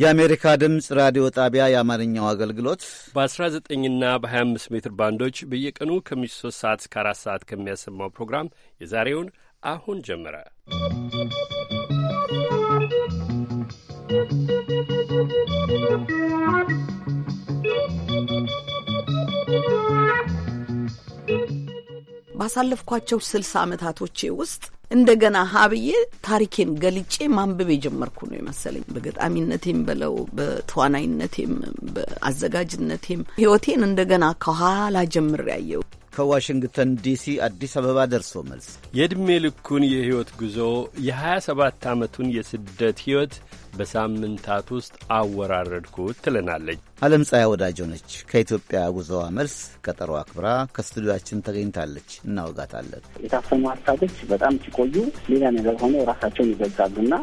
የአሜሪካ ድምፅ ራዲዮ ጣቢያ የአማርኛው አገልግሎት በ19ና በ25 ሜትር ባንዶች በየቀኑ ከምሽቱ 3 ሰዓት እስከ 4 ሰዓት ከሚያሰማው ፕሮግራም የዛሬውን አሁን ጀመረ። ¶¶ ባሳለፍኳቸው ስልሳ ዓመታቶቼ ውስጥ እንደገና ሀብዬ ታሪኬን ገልጬ ማንበብ የጀመርኩ ነው የመሰለኝ። በገጣሚነቴም በለው በተዋናይነቴም በአዘጋጅነቴም ህይወቴን እንደገና ከኋላ ጀምሬ ያየው። ከዋሽንግተን ዲሲ አዲስ አበባ ደርሶ መልስ የዕድሜ ልኩን የሕይወት ጉዞ የ27 ዓመቱን የስደት ሕይወት በሳምንታት ውስጥ አወራረድኩ ትለናለች። ዓለም ፀሐይ ወዳጆ ነች። ከኢትዮጵያ ጉዞዋ መልስ ቀጠሮ አክብራ ከስቱዲያችን ተገኝታለች። እናወጋታለን። የታፈኑ ሀሳቦች በጣም ሲቆዩ ሌላ ነገር ሆነው ራሳቸውን ይገልጻሉና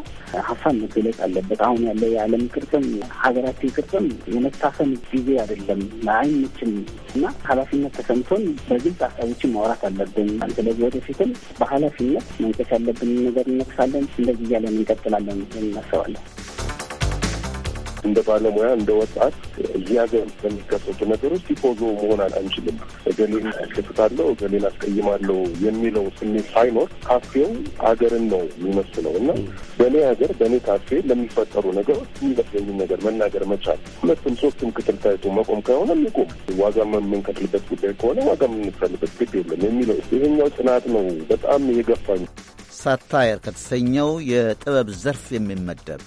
ሀሳብ መገለጽ አለበት። አሁን ያለ የዓለም ቅርጽም ሀገራችን ቅርጽም የመታፈን ጊዜ አይደለም፣ አይመችም እና ኃላፊነት ተሰምቶን በግልጽ ሀሳቦችን ማውራት አለብን። ስለዚህ ወደፊትም በኃላፊነት መንቀስ ያለብን ነገር እንነቅሳለን። እንደዚህ እያለን እንቀጥላለን እናስባለን። እንደ ባለሙያ እንደ ወጣት እዚህ ሀገር በሚከሰቱ ነገሮች ሲፖዞ መሆን አንችልም። እገሌን አስከፍታለሁ፣ እገሌን አስቀይማለሁ የሚለው ስሜት ሳይኖር ካፌው ሀገርን ነው የሚመስለው እና በእኔ ሀገር በእኔ ካፌ ለሚፈጠሩ ነገሮች የሚመስለኝ ነገር መናገር መቻል፣ ሁለቱም ሶስቱም ክትል ታይቶ መቆም ከሆነ የሚቆም ዋጋ የምንከፍልበት ጉዳይ ከሆነ ዋጋ የምንከፍልበት ግድ የለም የሚለው ይሄኛው ጽናት ነው በጣም የገፋኝ። ሳታየር ከተሰኘው የጥበብ ዘርፍ የሚመደብ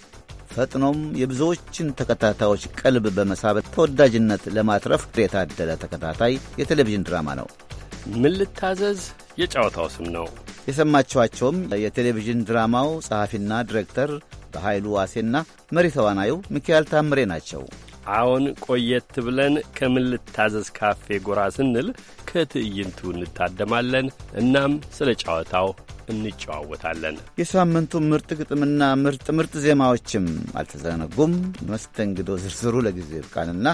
ፈጥኖም የብዙዎችን ተከታታዮች ቀልብ በመሳብ ተወዳጅነት ለማትረፍ የታደለ ተከታታይ የቴሌቪዥን ድራማ ነው። ምን ልታዘዝ የጨዋታው ስም ነው። የሰማችኋቸውም የቴሌቪዥን ድራማው ጸሐፊና ዲሬክተር በኃይሉ ዋሴና መሪ ተዋናዩ ሚካኤል ታምሬ ናቸው። አሁን ቆየት ብለን ከምን ልታዘዝ ካፌ ጎራ ስንል ከትዕይንቱ እንታደማለን። እናም ስለ ጨዋታው እንጨዋወታለን። የሳምንቱ ምርጥ ግጥምና ምርጥ ምርጥ ዜማዎችም አልተዘነጉም። መስተንግዶ ዝርዝሩ ለጊዜ ይብቃንና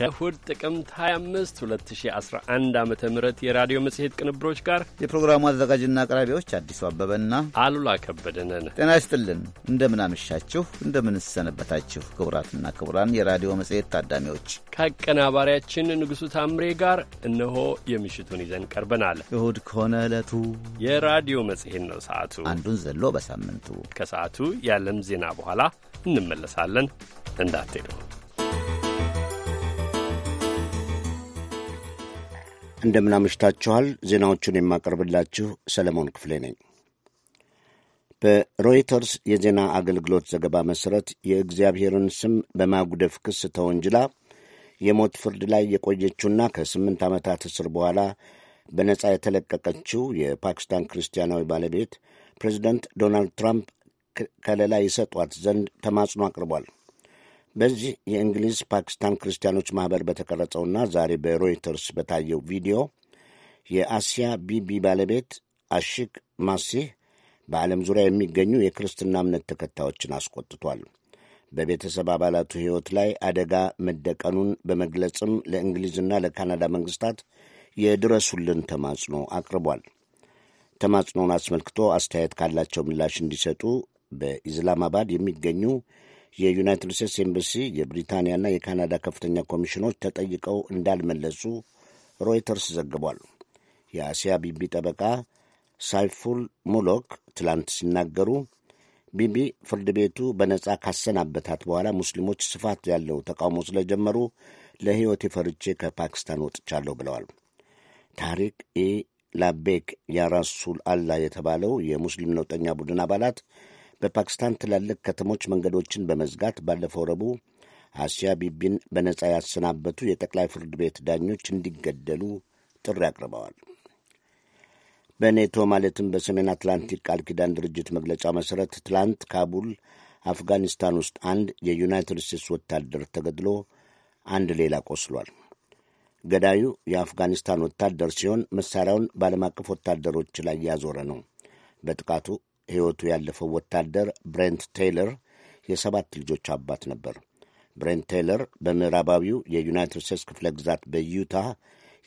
ከእሁድ ጥቅምት 25 2011 ዓ ም የራዲዮ መጽሔት ቅንብሮች ጋር የፕሮግራሙ አዘጋጅና አቅራቢዎች አዲሱ አበበና አሉላ ከበደነን ጤና ይስጥልን። እንደምን አመሻችሁ፣ እንደምንሰነበታችሁ ክቡራትና ክቡራን የራዲዮ መጽሔት ታዳሚዎች ከአቀናባሪያችን ንጉሡ ታምሬ ጋር እነሆ የምሽቱን ይዘን ቀርበናል። እሁድ ከሆነ ዕለቱ የራዲዮ መጽሔት ነው። ሰዓቱ አንዱን ዘሎ በሳምንቱ ከሰዓቱ የዓለም ዜና በኋላ እንመለሳለን። እንዳትሄዱ። እንደምናመሽታችኋል። ዜናዎቹን የማቀርብላችሁ ሰለሞን ክፍሌ ነኝ። በሮይተርስ የዜና አገልግሎት ዘገባ መሠረት የእግዚአብሔርን ስም በማጉደፍ ክስ ተወንጅላ የሞት ፍርድ ላይ የቆየችውና ከስምንት ዓመታት እስር በኋላ በነጻ የተለቀቀችው የፓኪስታን ክርስቲያናዊ ባለቤት ፕሬዚደንት ዶናልድ ትራምፕ ከለላ ይሰጧት ዘንድ ተማጽኖ አቅርቧል። በዚህ የእንግሊዝ ፓኪስታን ክርስቲያኖች ማኅበር በተቀረጸውና ዛሬ በሮይተርስ በታየው ቪዲዮ የአሲያ ቢቢ ባለቤት አሺቅ ማሲህ በዓለም ዙሪያ የሚገኙ የክርስትና እምነት ተከታዮችን አስቆጥቷል። በቤተሰብ አባላቱ ሕይወት ላይ አደጋ መደቀኑን በመግለጽም ለእንግሊዝና ለካናዳ መንግሥታት የድረሱልን ተማጽኖ አቅርቧል። ተማጽኖውን አስመልክቶ አስተያየት ካላቸው ምላሽ እንዲሰጡ በኢስላማባድ የሚገኙ የዩናይትድ ስቴትስ ኤምባሲ የብሪታንያና የካናዳ ከፍተኛ ኮሚሽኖች ተጠይቀው እንዳልመለሱ ሮይተርስ ዘግቧል። የአሲያ ቢቢ ጠበቃ ሳይፉል ሙሎክ ትላንት ሲናገሩ ቢቢ ፍርድ ቤቱ በነጻ ካሰናበታት በኋላ ሙስሊሞች ስፋት ያለው ተቃውሞ ስለጀመሩ ለህይወት የፈርቼ ከፓኪስታን ወጥቻለሁ ብለዋል። ታሪክ ኢ ላቤክ ያራሱል አላ የተባለው የሙስሊም ነውጠኛ ቡድን አባላት በፓኪስታን ትላልቅ ከተሞች መንገዶችን በመዝጋት ባለፈው ረቡዕ አሲያ ቢቢን በነጻ ያሰናበቱ የጠቅላይ ፍርድ ቤት ዳኞች እንዲገደሉ ጥሪ አቅርበዋል። በኔቶ ማለትም በሰሜን አትላንቲክ ቃል ኪዳን ድርጅት መግለጫ መሠረት ትላንት ካቡል አፍጋኒስታን ውስጥ አንድ የዩናይትድ ስቴትስ ወታደር ተገድሎ አንድ ሌላ ቆስሏል። ገዳዩ የአፍጋኒስታን ወታደር ሲሆን መሣሪያውን በዓለም አቀፍ ወታደሮች ላይ ያዞረ ነው። በጥቃቱ ሕይወቱ ያለፈው ወታደር ብሬንት ቴይለር የሰባት ልጆች አባት ነበር። ብሬንት ቴይለር በምዕራባዊው የዩናይትድ ስቴትስ ክፍለ ግዛት በዩታ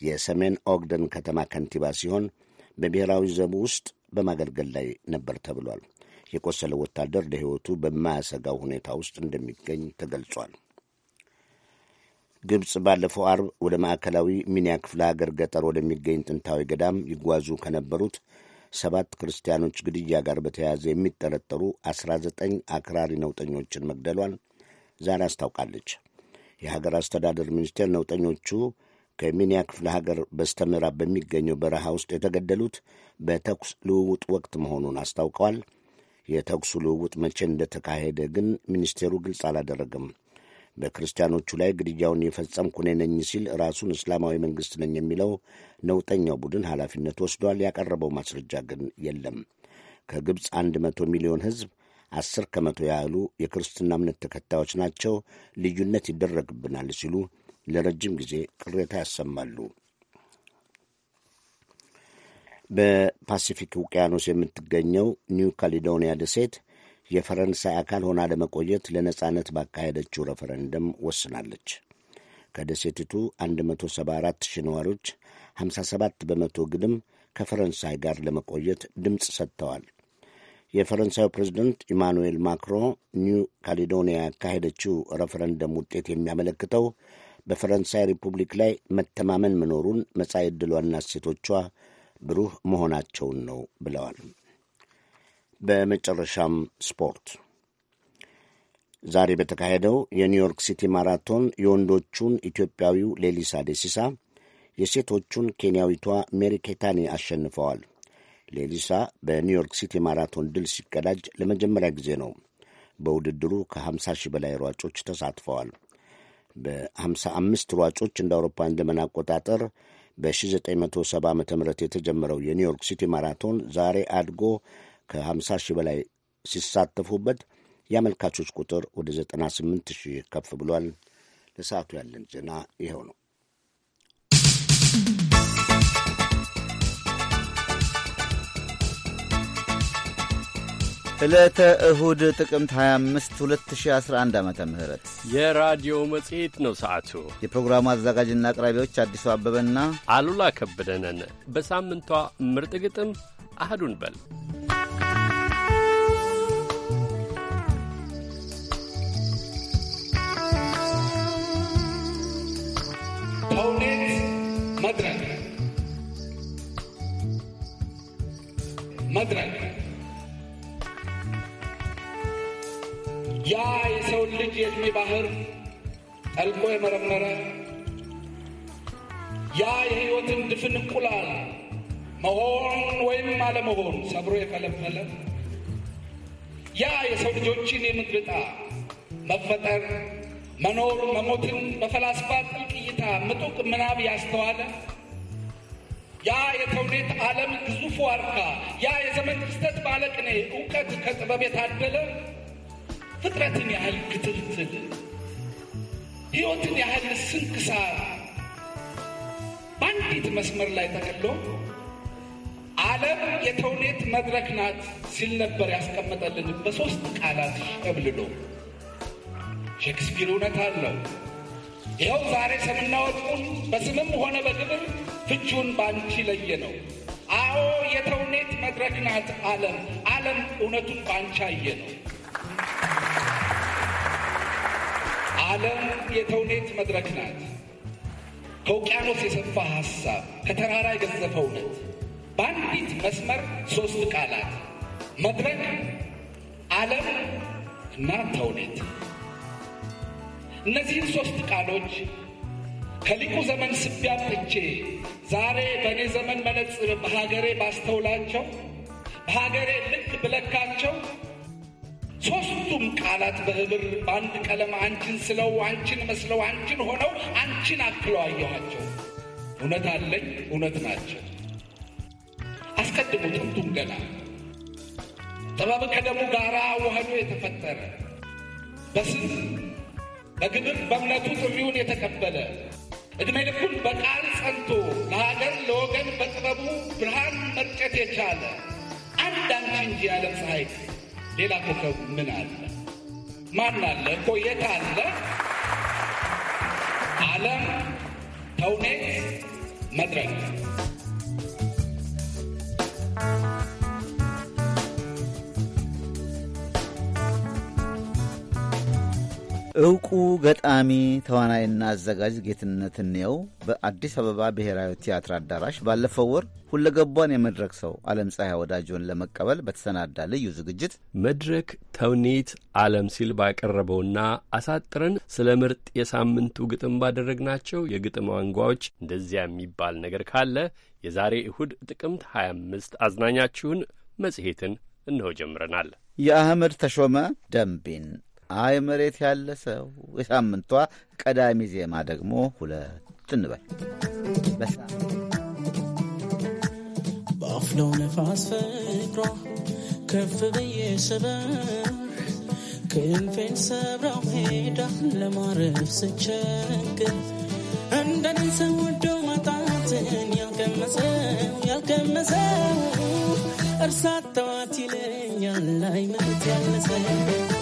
የሰሜን ኦግደን ከተማ ከንቲባ ሲሆን በብሔራዊ ዘቡ ውስጥ በማገልገል ላይ ነበር ተብሏል። የቆሰለው ወታደር ለሕይወቱ በማያሰጋው ሁኔታ ውስጥ እንደሚገኝ ተገልጿል። ግብፅ ባለፈው አርብ ወደ ማዕከላዊ ሚኒያ ክፍለ ሀገር ገጠር ወደሚገኝ ጥንታዊ ገዳም ይጓዙ ከነበሩት ሰባት ክርስቲያኖች ግድያ ጋር በተያያዘ የሚጠረጠሩ ዘጠኝ አክራሪ ነውጠኞችን መግደሏን ዛሬ አስታውቃለች። የሀገር አስተዳደር ሚኒስቴር ነውጠኞቹ ከሚኒያ ክፍለ ሀገር በስተምዕራብ በሚገኘው በረሃ ውስጥ የተገደሉት በተኩስ ልውውጥ ወቅት መሆኑን አስታውቀዋል። የተኩሱ ልውውጥ መቼ እንደተካሄደ ግን ሚኒስቴሩ ግልጽ አላደረግም። በክርስቲያኖቹ ላይ ግድያውን የፈጸምኩ እኔ ነኝ ሲል ራሱን እስላማዊ መንግሥት ነኝ የሚለው ነውጠኛው ቡድን ኃላፊነት ወስዷል። ያቀረበው ማስረጃ ግን የለም። ከግብፅ አንድ መቶ ሚሊዮን ሕዝብ አስር ከመቶ ያህሉ የክርስትና እምነት ተከታዮች ናቸው። ልዩነት ይደረግብናል ሲሉ ለረጅም ጊዜ ቅሬታ ያሰማሉ። በፓሲፊክ ውቅያኖስ የምትገኘው ኒው ካሊዶኒያ ደሴት የፈረንሳይ አካል ሆና ለመቆየት ለነጻነት ባካሄደችው ረፈረንደም ወስናለች። ከደሴቲቱ 174 ሺህ ነዋሪዎች 57 በመቶ ግድም ከፈረንሳይ ጋር ለመቆየት ድምፅ ሰጥተዋል። የፈረንሳዩ ፕሬዚደንት ኢማኑኤል ማክሮ ኒው ካሌዶኒያ ያካሄደችው ረፈረንደም ውጤት የሚያመለክተው በፈረንሳይ ሪፑብሊክ ላይ መተማመን መኖሩን፣ መጻኢ ዕድሏና እሴቶቿ ብሩህ መሆናቸውን ነው ብለዋል። በመጨረሻም ስፖርት ዛሬ በተካሄደው የኒውዮርክ ሲቲ ማራቶን የወንዶቹን ኢትዮጵያዊው ሌሊሳ ደሲሳ የሴቶቹን ኬንያዊቷ ሜሪ ኬታኒ አሸንፈዋል። ሌሊሳ በኒውዮርክ ሲቲ ማራቶን ድል ሲቀዳጅ ለመጀመሪያ ጊዜ ነው። በውድድሩ ከ50 ሺህ በላይ ሯጮች ተሳትፈዋል። በ55 ሯጮች እንደ አውሮፓውያን ዘመን አቆጣጠር በ1970 ዓ ም የተጀመረው የኒውዮርክ ሲቲ ማራቶን ዛሬ አድጎ ከ50 ሺህ በላይ ሲሳተፉበት የአመልካቾች ቁጥር ወደ 98 ሺህ ከፍ ብሏል። ለሰዓቱ ያለን ዜና ይኸው ነው። ዕለተ እሁድ ጥቅምት 25 2011 ዓ ም የራዲዮ መጽሔት ነው ሰዓቱ። የፕሮግራሙ አዘጋጅና አቅራቢዎች አዲሱ አበበና አሉላ ከበደ ነን። በሳምንቷ ምርጥ ግጥም አህዱን በል የመረመረ ያ የህይወትን ድፍን እንቁላል መሆን ወይም አለመሆን ሰብሮ የፈለፈለ ያ የሰው ልጆችን የምድር ዕጣ መፈጠር መኖር መሞትን በፈላስፋ ጥልቅ እይታ ምጡቅ ምናብ ያስተዋለ ያ የተውኔት ዓለም ግዙፍ አርካ ያ የዘመን ክስተት ባለቅኔ እውቀት ከጥበብ የታደለ ፍጥረትን ያህል ክትልትል ሕይወትን ያህል ስንክሳር በአንዲት መስመር ላይ ተገሎ ዓለም የተውኔት መድረክ ናት ሲል ነበር ያስቀመጠልን በሦስት ቃላት ሸብልሎ። ሼክስፒር እውነት አለው። ይኸው ዛሬ ስምና በስምም ሆነ በግብር ፍቹን በአንቺ ለየ ነው። አዎ የተውኔት መድረክ ናት ዓለም ዓለም እውነቱን በአንቺ አየ ነው። ዓለም የተውኔት መድረክ ናት። ከውቅያኖስ የሰፋ ሐሳብ፣ ከተራራ የገዘፈ እውነት፣ በአንዲት መስመር ሦስት ቃላት መድረክ፣ ዓለም እና ተውኔት። እነዚህን ሦስት ቃሎች ከሊቁ ዘመን ስቢያ ፍቼ ዛሬ በእኔ ዘመን መነጽር በሀገሬ ባስተውላቸው በሀገሬ ልክ ብለካቸው ሶስቱም ቃላት በህብር በአንድ ቀለም አንቺን ስለው አንቺን መስለው አንቺን ሆነው አንቺን አክለው አየኋቸው። እውነት አለኝ፣ እውነት ናቸው። አስቀድሞ ጥንቱም ገና ጥበብ ከደሙ ጋር ወህዶ የተፈጠረ በስም በግብር በእምነቱ ጥሪውን የተቀበለ ዕድሜ ልኩን በቃል ጸንቶ ለሀገር ለወገን በጥበቡ ብርሃን መርጨት የቻለ አንድ አንቺ እንጂ ያለም ፀሐይ ሌላ ኮከብ ምን አለ? ማን አለ እኮ የት አለ? ዓለም ተውኔት መድረክ እውቁ ገጣሚ ተዋናይና አዘጋጅ ጌትነት እንየው በአዲስ አበባ ብሔራዊ ቲያትር አዳራሽ ባለፈው ወር ሁለገቧን የመድረክ ሰው ዓለም ፀሐይ ወዳጆን ለመቀበል በተሰናዳ ልዩ ዝግጅት መድረክ ተውኔት ዓለም ሲል ባቀረበውና አሳጥረን ስለ ምርጥ የሳምንቱ ግጥም ባደረግናቸው የግጥም አንጓዎች እንደዚያ የሚባል ነገር ካለ የዛሬ እሁድ ጥቅምት 25 አዝናኛችሁን መጽሔትን እንሆ ጀምረናል። የአህመድ ተሾመ ደምቢን አይ መሬት ያለ ሰው የሳምንቷ ቀዳሚ ዜማ ደግሞ ሁለት እንበል በአፍለው ነፋስ ፍቅሯ ከፍ ብዬ ስበር ክንፌን ሰብራው ሄዳ ለማረፍ ስቸግር እንደ ሰው ወደው መጣትን ያልቀመሰው ያልቀመሰው እርሳት ተዋት ይለኛል ላይ መሬት ያለ ሰው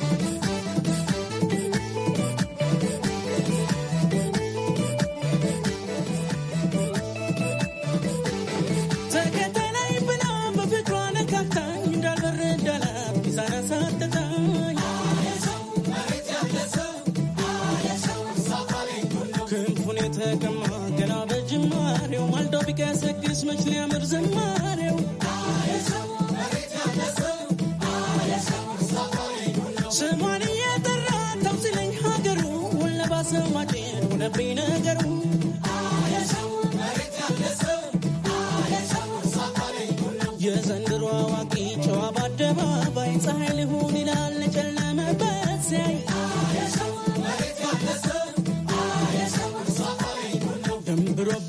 ሲያሰግስ መች ሊያምር ዘማሬው ስሟን እየጠራ ተውሲለኝ ሀገሩ ወለባሰው ማጤን ሆነብኝ ነገሩ የዘንድሮ አዋቂ ጨዋ በአደባባይ ፀሐይ ሊሆን ይላል ለጨለመበት ሲያይ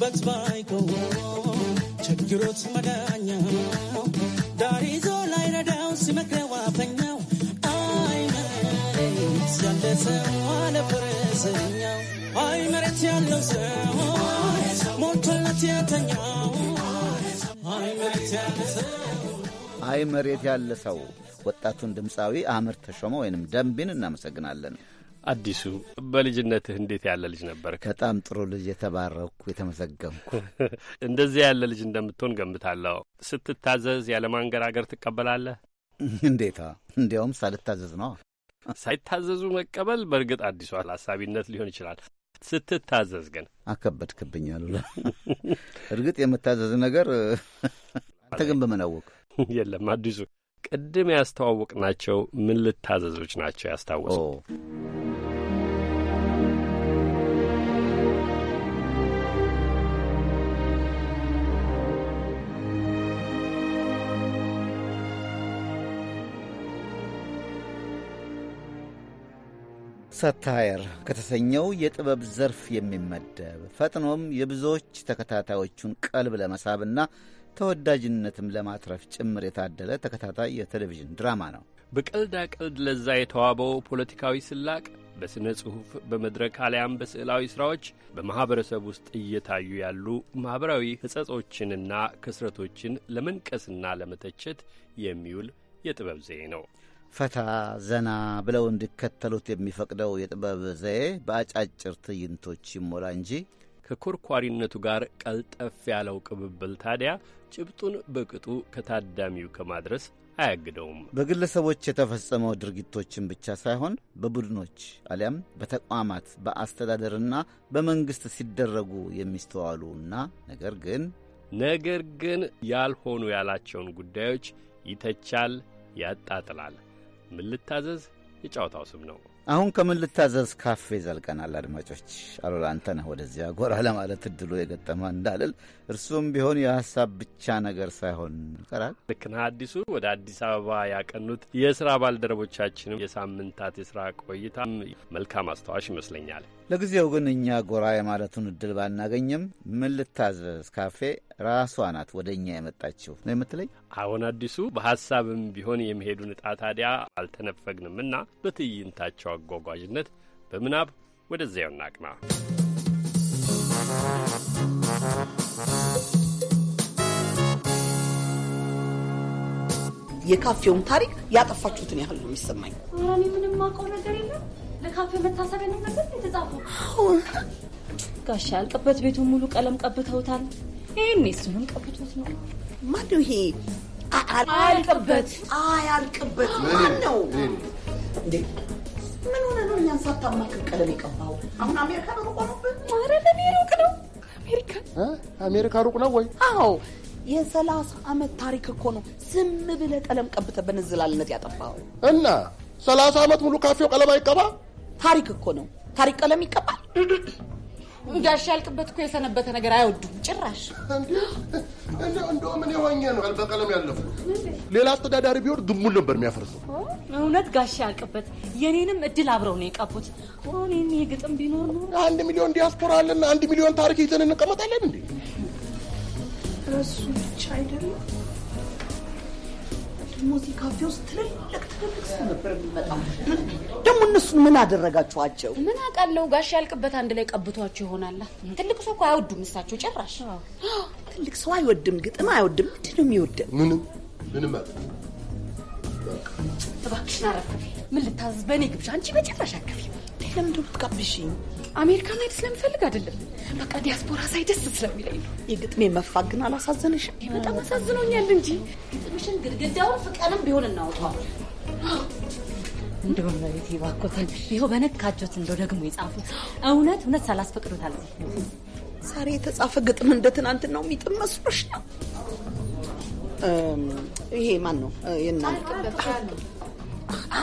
But by go ሕይወት መዳኛ ዳር ይዞ ላይ ረዳው ሲመክረው አፈኛው አይ መሬት ያለ ሰው አለ ፈረሰኛው አይ መሬት ያለው ሰው ሞልቶለት ያተኛው አይ መሬት ያለ ሰው አይ መሬት ያለ ሰው ወጣቱን ድምፃዊ አምር ተሾመ ወይንም ደንቢን እናመሰግናለን። አዲሱ በልጅነትህ እንዴት ያለ ልጅ ነበር? በጣም ጥሩ ልጅ፣ የተባረኩ የተመሰገንኩ። እንደዚያ ያለ ልጅ እንደምትሆን ገምታለሁ። ስትታዘዝ ያለማንገራገር ትቀበላለህ? እንዴታ! እንዲያውም ሳልታዘዝ ነው። ሳይታዘዙ መቀበል በእርግጥ አዲሱ አላሳቢነት ሊሆን ይችላል። ስትታዘዝ ግን አከበድክብኝ አሉላ። እርግጥ የምታዘዝ ነገር አንተ ግን በመናወቅ የለም አዲሱ ቅድም ያስተዋወቅናቸው ምን ልታዘዞች ናቸው ያስታወሱ? ሳታየር ከተሰኘው የጥበብ ዘርፍ የሚመደብ ፈጥኖም የብዙዎች ተከታታዮቹን ቀልብ ለመሳብና ተወዳጅነትም ለማትረፍ ጭምር የታደለ ተከታታይ የቴሌቪዥን ድራማ ነው። በቀልዳ ቀልድ ለዛ የተዋበው ፖለቲካዊ ስላቅ በሥነ ጽሑፍ በመድረክ አሊያም በስዕላዊ ሥራዎች በማኅበረሰብ ውስጥ እየታዩ ያሉ ማኅበራዊ ሕጸጾችንና ክስረቶችን ለመንቀስና ለመተቸት የሚውል የጥበብ ዘዬ ነው። ፈታ ዘና ብለው እንዲከተሉት የሚፈቅደው የጥበብ ዘዬ በአጫጭር ትዕይንቶች ይሞላ እንጂ ከኮርኳሪነቱ ጋር ቀልጠፍ ያለው ቅብብል ታዲያ ጭብጡን በቅጡ ከታዳሚው ከማድረስ አያግደውም። በግለሰቦች የተፈጸመው ድርጊቶችን ብቻ ሳይሆን በቡድኖች አሊያም በተቋማት በአስተዳደርና በመንግሥት ሲደረጉ የሚስተዋሉና ነገር ግን ነገር ግን ያልሆኑ ያላቸውን ጉዳዮች ይተቻል፣ ያጣጥላል። ምን ልታዘዝ የጨዋታው ስም ነው። አሁን ከምን ልታዘዝ ካፌ ዘልቀናል። አድማጮች አሉላ አንተ ነህ ወደዚያ ጎራ ለማለት እድሉ የገጠመ እንዳልል እርሱም ቢሆን የሀሳብ ብቻ ነገር ሳይሆን ቀራል። ልክ ነህ አዲሱ። ወደ አዲስ አበባ ያቀኑት የስራ ባልደረቦቻችንም የሳምንታት የስራ ቆይታ መልካም አስታዋሽ ይመስለኛል። ለጊዜው ግን እኛ ጎራ የማለቱን እድል ባናገኝም ምን ልታዘዝ ካፌ ራሷ ናት ወደ እኛ የመጣችው ነው የምትለኝ። አሁን አዲሱ በሀሳብም ቢሆን የመሄዱ ንጣ ታዲያ አልተነፈግንምና በትዕይንታቸው አጓጓዥነት በምናብ ወደዚያው እናቅና። የካፌውን ታሪክ ያጠፋችሁትን ያህል ነው የሚሰማኝ። ምንም ማውቀው ነገር የለም ለካፌ መታሰቢያ ነው መሰል የተጻፈው። ጋሻ ያልቅበት ቤቱን ሙሉ ቀለም ቀብተውታል። ይህን እሱንም ቀብቶት ነው። ማን ነው ይሄ? አያልቅበት አያልቅበት ማን ነው እንዴ? ምን ሆነ ነው እኛን ሳታማክር ቀለም የቀባው? አሁን አሜሪካ ነው ቆኖብን። ኧረ ለኔ ሩቅ ነው አሜሪካ። አሜሪካ ሩቅ ነው ወይ? አዎ የሰላሳ ዓመት ታሪክ እኮ ነው። ዝም ብለህ ቀለም ቀብተህ በንዝላልነት ያጠፋው እና ሰላሳ ዓመት ሙሉ ካፌው ቀለም አይቀባ ታሪክ እኮ ነው። ታሪክ ቀለም ይቀባል። ጋሽ ያልቅበት እኮ የሰነበተ ነገር አይወዱም ጭራሽ። እንደው ምን የሆኜ ነው በቀለም ያለፉ ሌላ አስተዳዳሪ ቢሆን ድሙን ነበር የሚያፈርሰው። እውነት ጋሽ ያልቅበት የኔንም እድል አብረው ነው የቀቡት። ሆኔን የግጥም ቢኖር ነው አንድ ሚሊዮን ዲያስፖራ አለና አንድ ሚሊዮን ታሪክ ይዘን እንቀመጣለን እንዴ? እሱ ብቻ አይደለም ሞቲ ካፌ ውስጥ ትልልቅ ትልልቅ ሰው ነበር የሚመጣው። ደግሞ እነሱን ምን አደረጋችኋቸው? ምን አውቃለሁ ጋሽ ያልቅበት አንድ ላይ ቀብቷቸው ይሆናላ። ትልቅ ሰው እኮ አይወዱም እሳቸው ጭራሽ። ትልቅ ሰው አይወድም፣ ግጥም አይወድም። ምንድን ነው የሚወደው? ምንም ምንም። እባክሽን አረፍ። ምን ልታዝዝ? በእኔ ግብዣ አንቺ በጭራሽ አከፊ። ለምንድን ነው የምትጋብዥኝ? አሜሪካ መሄድ ስለምፈልግ አይደለም። በቃ ዲያስፖራ ሳይ ደስ ስለሚለኝ ነው። የግጥሜ መፋቅ ግን አላሳዘንሽም? በጣም አሳዝኖኛል እንጂ ግጥምሽን ግድግዳውን ፍቀንም ቢሆን እናወጣዋለን። እንደው መሬት ይባኮታል። ይኸው በነካጆት እንደው ደግሞ የጻፉት እውነት እውነት ሳላስፈቅዶታል። ዛሬ የተጻፈ ግጥም እንደ ትናንት ነው የሚጥም መስሎሽ ነው? ይሄ ማን ነው?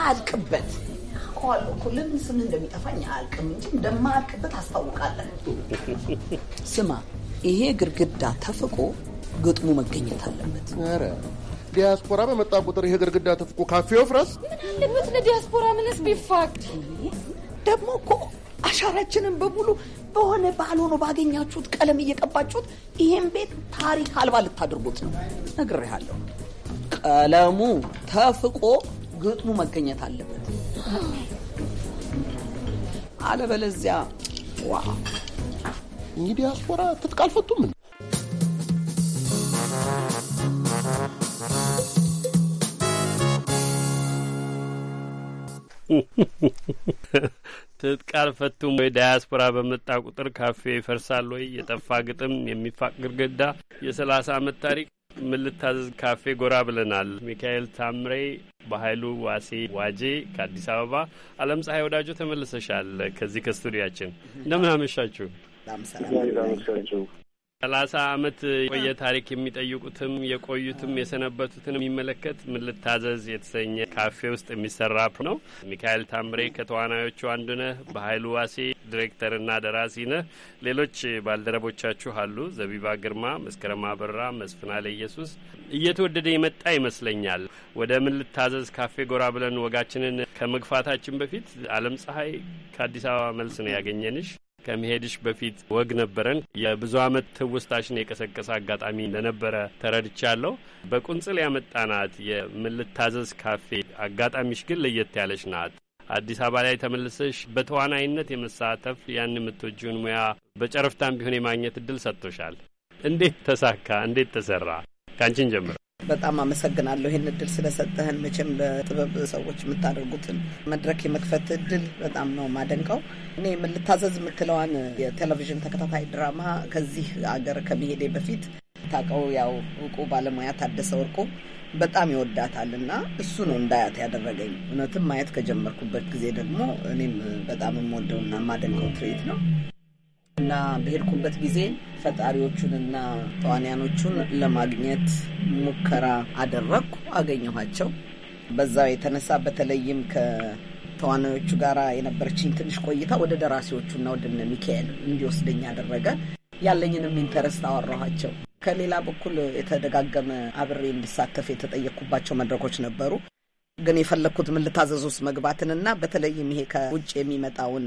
አልቅበት አውቀዋለሁ እኮ ለምን ስም እንደሚጠፋኝ አያልቅም እንጂ እንደማያልቅበት አስታውቃለሁ። ስማ፣ ይሄ ግርግዳ ተፍቆ ግጥሙ መገኘት አለበት። ኧረ ዲያስፖራ በመጣ ቁጥር ይሄ ግርግዳ ተፍቆ ካፌው ፍረስ አለበት። ለዲያስፖራ ምንስ ቢፋቅድ ደግሞ እኮ አሻራችንን በሙሉ በሆነ ባልሆነ ባገኛችሁት ቀለም እየቀባችሁት ይህን ቤት ታሪክ አልባ ልታደርጉት ነው። ነግሬሃለሁ። ቀለሙ ተፍቆ ግጥሙ መገኘት አለበት። አለበለዚያ ዋ እንግዲህ አስፖራ ትጥቅ አልፈቱም። ትጥቅ አልፈቱም ወይ? ዳያስፖራ በመጣ ቁጥር ካፌ ይፈርሳል ወይ? የጠፋ ግጥም፣ የሚፋቅ ግድግዳ፣ የሰላሳ አመት ታሪክ ምን ልታዘዝ ካፌ ጎራ ብለናል። ሚካኤል ታምሬ፣ በሀይሉ ዋሴ ዋጄ ከአዲስ አበባ፣ አለም ፀሐይ ወዳጆ ተመልሰሻል ከዚህ ከስቱዲያችን እንደምን አመሻችሁ። ሰላሳ አመት የቆየ ታሪክ የሚጠይቁትም የቆዩትም የሰነበቱትን የሚመለከት ምን ልታዘዝ የተሰኘ ካፌ ውስጥ የሚሰራ ነው። ሚካኤል ታምሬ ከተዋናዮቹ አንዱ ነህ። በሀይሉ ዋሴ ዲሬክተርና ደራሲ ነህ። ሌሎች ባልደረቦቻችሁ አሉ። ዘቢባ ግርማ፣ መስከረም አበራ፣ መስፍን አለ ኢየሱስ። እየተወደደ የመጣ ይመስለኛል። ወደ ምን ልታዘዝ ካፌ ጎራ ብለን ወጋችንን ከመግፋታችን በፊት አለም ፀሐይ ከአዲስ አበባ መልስ ነው ያገኘንሽ። ከመሄድሽ በፊት ወግ ነበረን። የብዙ አመት ትውስታሽን የቀሰቀሰ አጋጣሚ እንደነበረ ተረድቻለሁ። በቁንጽል ያመጣናት የምልታዘዝ ካፌ አጋጣሚሽ ግን ለየት ያለች ናት። አዲስ አበባ ላይ ተመልሰሽ በተዋናይነት የመሳተፍ ያን የምትወጂውን ሙያ በጨረፍታም ቢሆን የማግኘት እድል ሰጥቶሻል። እንዴት ተሳካ? እንዴት ተሰራ? ከአንቺን ጀምረ በጣም አመሰግናለሁ ይህን እድል ስለሰጠህን። መቼም ለጥበብ ሰዎች የምታደርጉትን መድረክ የመክፈት እድል በጣም ነው ማደንቀው። እኔ የምልታዘዝ የምትለዋን የቴሌቪዥን ተከታታይ ድራማ ከዚህ አገር ከመሄዴ በፊት ታውቀው ያው እውቁ ባለሙያ ታደሰ ወርቁ በጣም ይወዳታል እና እሱ ነው እንዳያት ያደረገኝ። እውነትም ማየት ከጀመርኩበት ጊዜ ደግሞ እኔም በጣም የምወደውና የማደንቀው ትርኢት ነው። እና በሄድኩበት ጊዜ ፈጣሪዎቹንና ተዋንያኖቹን ለማግኘት ሙከራ አደረግኩ። አገኘኋቸው። በዛው የተነሳ በተለይም ከተዋናዮቹ ጋር የነበረችኝ ትንሽ ቆይታ ወደ ደራሲዎቹና ወደ ሚካኤል እንዲወስደኝ አደረገ። ያለኝንም ኢንተረስት አወራኋቸው። ከሌላ በኩል የተደጋገመ አብሬ እንዲሳተፍ የተጠየቅኩባቸው መድረኮች ነበሩ። ግን የፈለግኩት ምን ልታዘዝ ውስጥ መግባትንና በተለይም ይሄ ከውጭ የሚመጣውን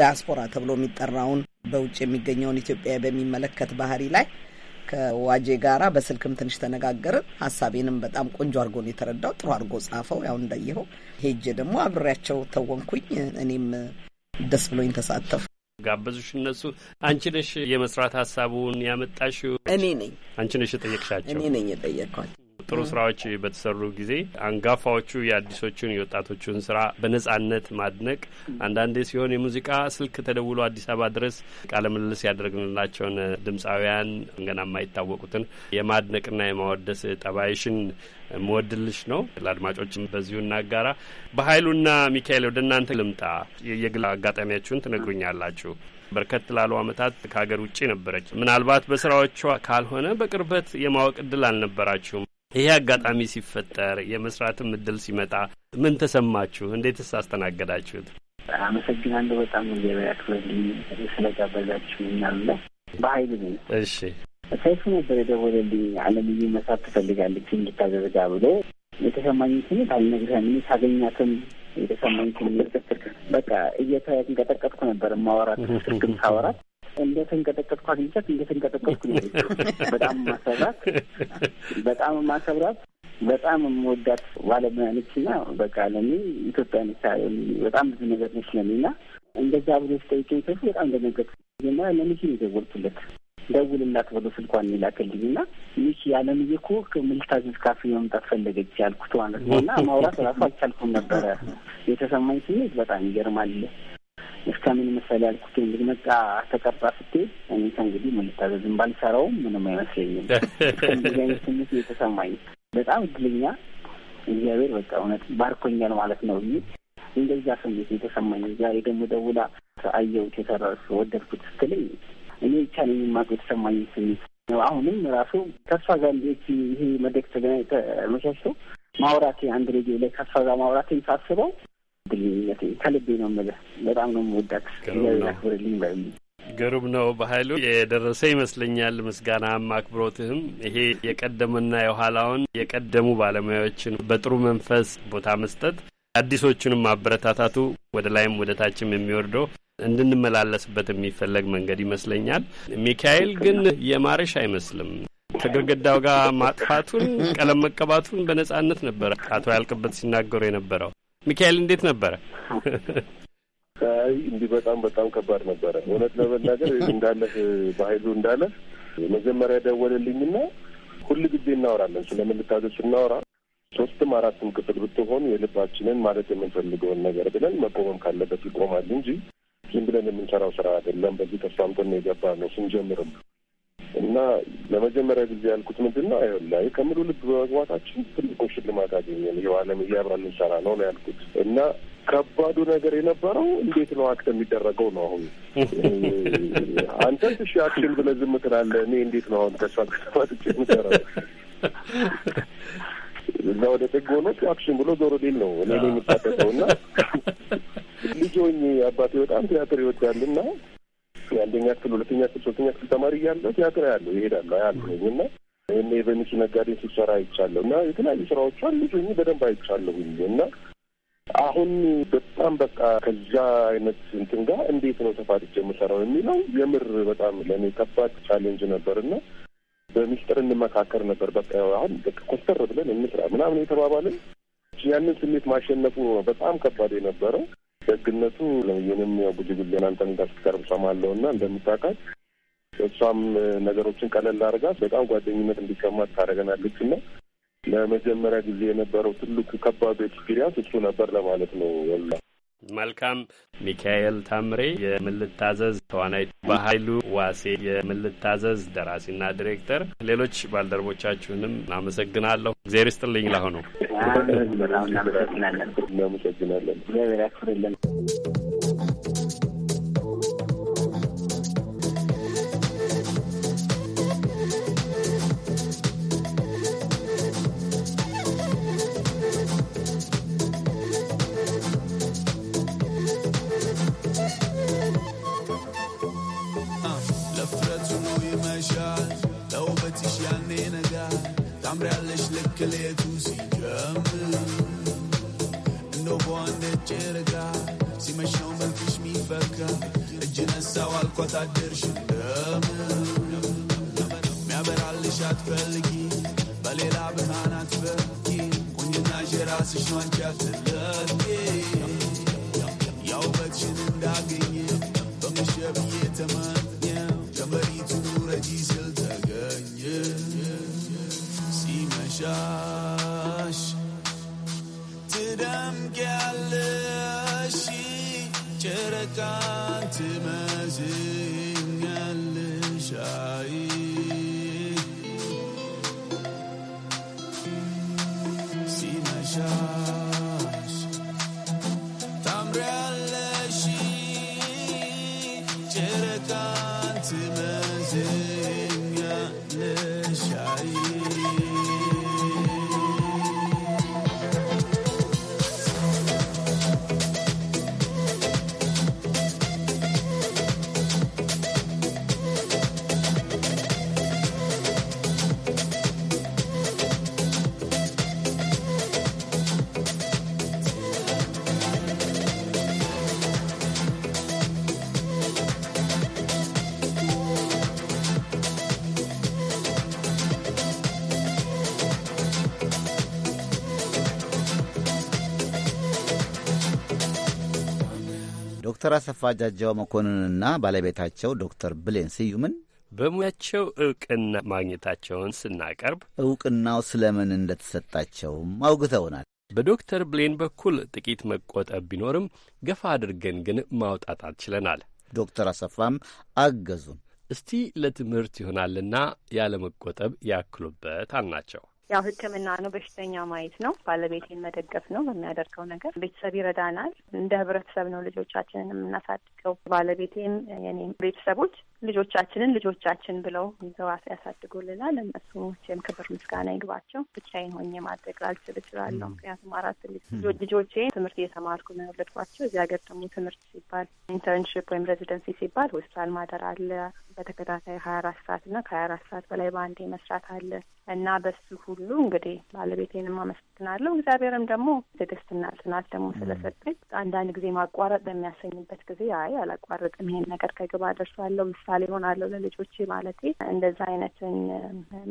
ዳያስፖራ ተብሎ የሚጠራውን በውጭ የሚገኘውን ኢትዮጵያ በሚመለከት ባህሪ ላይ ከዋጄ ጋራ በስልክም ትንሽ ተነጋገርን። ሀሳቤንም በጣም ቆንጆ አድርጎ ነው የተረዳው። ጥሩ አድርጎ ጻፈው። ያው እንዳየኸው ሄጄ ደግሞ አብሬያቸው ተወንኩኝ። እኔም ደስ ብሎኝ ተሳተፉ። ጋበዙሽ እነሱ። አንቺ ነሽ የመስራት ሀሳቡን ያመጣሽው? እኔ ነኝ። አንቺ ነሽ የጠየቅሻቸው? እኔ ነኝ የጠየቅኳቸው። ጥሩ ስራዎች በተሰሩ ጊዜ አንጋፋዎቹ የአዲሶቹን የወጣቶቹን ስራ በነጻነት ማድነቅ አንዳንዴ ሲሆን የሙዚቃ ስልክ ተደውሎ አዲስ አበባ ድረስ ቃለ ምልልስ ያደረግንላቸውን ድምፃውያን የማይታወቁትን የማድነቅና የማወደስ ጠባይሽን መወድልሽ ነው። ለአድማጮችም በዚሁ እናጋራ። በሀይሉና ሚካኤል ወደ እናንተ ልምጣ። የግል አጋጣሚያችሁን ትነግሩኛላችሁ። በርከት ላሉ አመታት ከሀገር ውጭ ነበረች። ምናልባት በስራዎቿ ካልሆነ በቅርበት የማወቅ እድል አልነበራችሁም። ይሄ አጋጣሚ ሲፈጠር የመስራትም እድል ሲመጣ ምን ተሰማችሁ? እንዴትስ አስተናገዳችሁት? አመሰግናለሁ። በጣም ገበያ ክበል ስለጋበዛችሁ ያለ በሀይል ነው። እሺ ሰይፉ ነበር የደወለልኝ። አለምዬ መስራት ትፈልጋለች እንድታዘዝጋ ብሎ የተሰማኝ ስሜት አልነግርህም። ሳገኛትም የተሰማኝ ስሜት በቃ እየተንቀጠቀጥኩ ነበር ማወራት ስልክም ሳወራት እንደተንቀጠቀጥኩ አግኝቻት እንደተንቀጠቀጥኩ ነው። በጣም ማሰብራት በጣም ማሰብራት በጣም የምወዳት ባለሙያ ነች እና በቃ ለኔ ኢትዮጵያ ነች በጣም ብዙ ነገር ነች ለኔ እና እንደዛ ብሎ ስጠይቀኝ ሰፊ በጣም እንደነገርኩ መጀመሪያ ለሚኪ ነው የደወልኩለት ደውልላት ብሎ ስልኳን የሚላክልኝ እና ሚኪ አለምዬ እኮ ምልታዘዝ ካፌ መምጣት ፈለገች ያልኩት ማለት ነው እና ማውራት ራሱ አልቻልኩም ነበረ የተሰማኝ ስሜት በጣም ይገርማል። እስከምን መሰል ያልኩት እንድመጣ ተቀባ ስቴ እኔ ከእንግዲህ ምንታዘዝም ባልሰራውም ምንም አይመስለኝም። እንደዚህ አይነት ስሜት እየተሰማኝ በጣም እድለኛ እግዚአብሔር በቃ እውነት ባርኮኛል ማለት ነው ብዬ እንደዛ ስሜት እየተሰማኝ ዛሬ ደግሞ ደውላ አየሁት የሰራሁት ወደድኩት ስትለኝ እኔ ብቻ ነኝ የማውቀው የተሰማኝ ስሜት ነው። አሁንም ራሱ ከእሷ ጋር እንዴት ይሄ መደግ ተገናኝ ተመቻችቶ ማውራቴ አንድ ሬዲዮ ላይ ከእሷ ጋር ማውራቴን ሳስበው ከልቤ ነው የምልህ። በጣም ነው የምወዳት። ያክብርልኝ በ ግሩም ነው። በኃይሉ የደረሰ ይመስለኛል። ምስጋና አክብሮትህም ይሄ የቀደመና የኋላውን የቀደሙ ባለሙያዎችን በጥሩ መንፈስ ቦታ መስጠት፣ አዲሶቹንም ማበረታታቱ ወደ ላይም ወደ ታችም የሚወርደው እንድንመላለስበት የሚፈለግ መንገድ ይመስለኛል። ሚካኤል ግን የማረሽ አይመስልም። ከግርግዳው ጋር ማጥፋቱን ቀለም መቀባቱን በነጻነት ነበረ አቶ ያልቅበት ሲናገሩ የነበረው። ሚካኤል እንዴት ነበረ? አይ እንዲህ በጣም በጣም ከባድ ነበረ። እውነት ለመናገር እንዳለህ በሀይሉ እንዳለ መጀመሪያ ደወለልኝና ሁል ጊዜ እናወራለን ስለምንታገሱ እናወራ ሶስትም አራትም ክፍል ብትሆን የልባችንን ማለት የምንፈልገውን ነገር ብለን መቆመም ካለበት ይቆማል እንጂ ዝም ብለን የምንሰራው ስራ አይደለም። በዚህ ተስፋምቶ የገባ ነው ስንጀምርም እና ለመጀመሪያ ጊዜ ያልኩት ምንድን ነው ላይ ከምሉ ልብ በመግባታችን ትልቁን ሽልማት አገኘን። የዓለም እያብራን እንሰራ ነው ነው ያልኩት እና ከባዱ ነገር የነበረው እንዴት ነው አክት የሚደረገው ነው። አሁን አንተ ትሽ አክሽን ብለህ ዝም ትላለህ። እኔ እንዴት ነው አሁን ከሷ ከተፋትጭ የምሰራው እዛ ወደ ጥግ ሆኖ አክሽን ብሎ ዞሮ ሌል ነው እኔ የሚታቀሰው እና ልጆኝ አባቴ በጣም ቲያትር ይወዳል ይወዳልና የአንደኛ ክፍል ሁለተኛ ክፍል ሶስተኛ ክፍል ተማሪ እያለሁ ቲያትር ያለሁ ይሄዳሉ አያለሁኝ እና እኔ በሚሱ ነጋዴ ሲሰራ አይቻለሁ እና የተለያዩ ስራዎቿን አሉ ሆኜ በደንብ አይቻለሁኝ እና አሁን በጣም በቃ ከዛ አይነት እንትን ጋር እንዴት ነው ተፋድጄ የምሰራው የሚለው የምር በጣም ለእኔ ከባድ ቻሌንጅ ነበር እና በሚስጥር እንመካከር ነበር። በቃ አሁን ኮስተር ብለን እንስራ ምናምን የተባባልን ያንን ስሜት ማሸነፉ በጣም ከባድ የነበረው። ደግነቱ ለየንም ያው ቡጅጉሌ እናንተን እንዳትቀርብ ሰማለሁ እና እንደምታውቃት እሷም ነገሮችን ቀለል አድርጋ በጣም ጓደኝነት እንዲሰማት ታደርገናለች እና ለመጀመሪያ ጊዜ የነበረው ትልቁ ከባዱ ኤክስፒሪያንስ እሱ ነበር ለማለት ነው ወላ መልካም ሚካኤል ታምሬ የምልታዘዝ ተዋናይ፣ በሀይሉ ዋሴ የምልታዘዝ ደራሲና ዲሬክተር፣ ሌሎች ባልደረቦቻችሁንም አመሰግናለሁ። እግዜር ይስጥልኝ። ላሆነው በጣም እናመሰግናለን። እናመሰግናለን። ደግሞ ይመሻል ለውበትሽ ያኔ ነጋል ታምሪያለሽ ልክ ሌቱ ሲጀምር እንደው በዋንደች ርጋ ሲመሻው መልክሽ ሚፈካ እጅ ነሳው አልኳት አደርሽ ሚያበራልሽ አትፈልጊ በሌላ ብርሃን አትበቂ ቁንጅናሽ የራስሽ ነው አንቺ አትለቂ ያውበትሽን እንዳገኘ በመሸብዬ ተመን شاش تدم گلشی چرکات مزین گلشایی سینه شاش ዶክተር አሰፋ ጃጃው መኮንንና ባለቤታቸው ዶክተር ብሌን ስዩምን በሙያቸው እውቅና ማግኘታቸውን ስናቀርብ እውቅናው ስለምን እንደተሰጣቸውም አውግተውናል። በዶክተር ብሌን በኩል ጥቂት መቆጠብ ቢኖርም ገፋ አድርገን ግን ማውጣጣት ችለናል። ዶክተር አሰፋም አገዙን። እስቲ ለትምህርት ይሆናልና ያለመቆጠብ ያክሉበት አልናቸው። ያው ሕክምና ነው፣ በሽተኛ ማየት ነው፣ ባለቤቴን መደገፍ ነው። በሚያደርገው ነገር ቤተሰብ ይረዳናል። እንደ ህብረተሰብ ነው ልጆቻችንን የምናሳድገው። ባለቤቴም የኔ ቤተሰቦች ልጆቻችንን ልጆቻችን ብለው ይዘው ያሳድጉልናል። እነሱ መቼም ክብር ምስጋና ይግባቸው። ብቻዬን ሆኜ ማድረግ ላልችል እችላለሁ። ምክንያቱም አራት ልጆቼ ትምህርት እየተማርኩ ነው የወለድኳቸው። እዚህ ሀገር ደግሞ ትምህርት ሲባል ኢንተርንሽፕ ወይም ሬዚደንሲ ሲባል ሆስፒታል ማደር አለ በተከታታይ ሀያ አራት ሰዓት እና ከሀያ አራት ሰዓት በላይ በአንዴ መስራት አለ እና በሱ ሁሉ እንግዲህ ባለቤቴንም አመሰግናለሁ። እግዚአብሔርም ደግሞ ትዕግስትና ጽናት ደግሞ ስለሰጠኝ አንዳንድ ጊዜ ማቋረጥ በሚያሰኝበት ጊዜ አይ አላቋረጥም ይሄን ነገር ከግባ ደርሷለሁ ምሳሌ ሆናለሁ ለልጆቼ ማለት እንደዛ አይነትን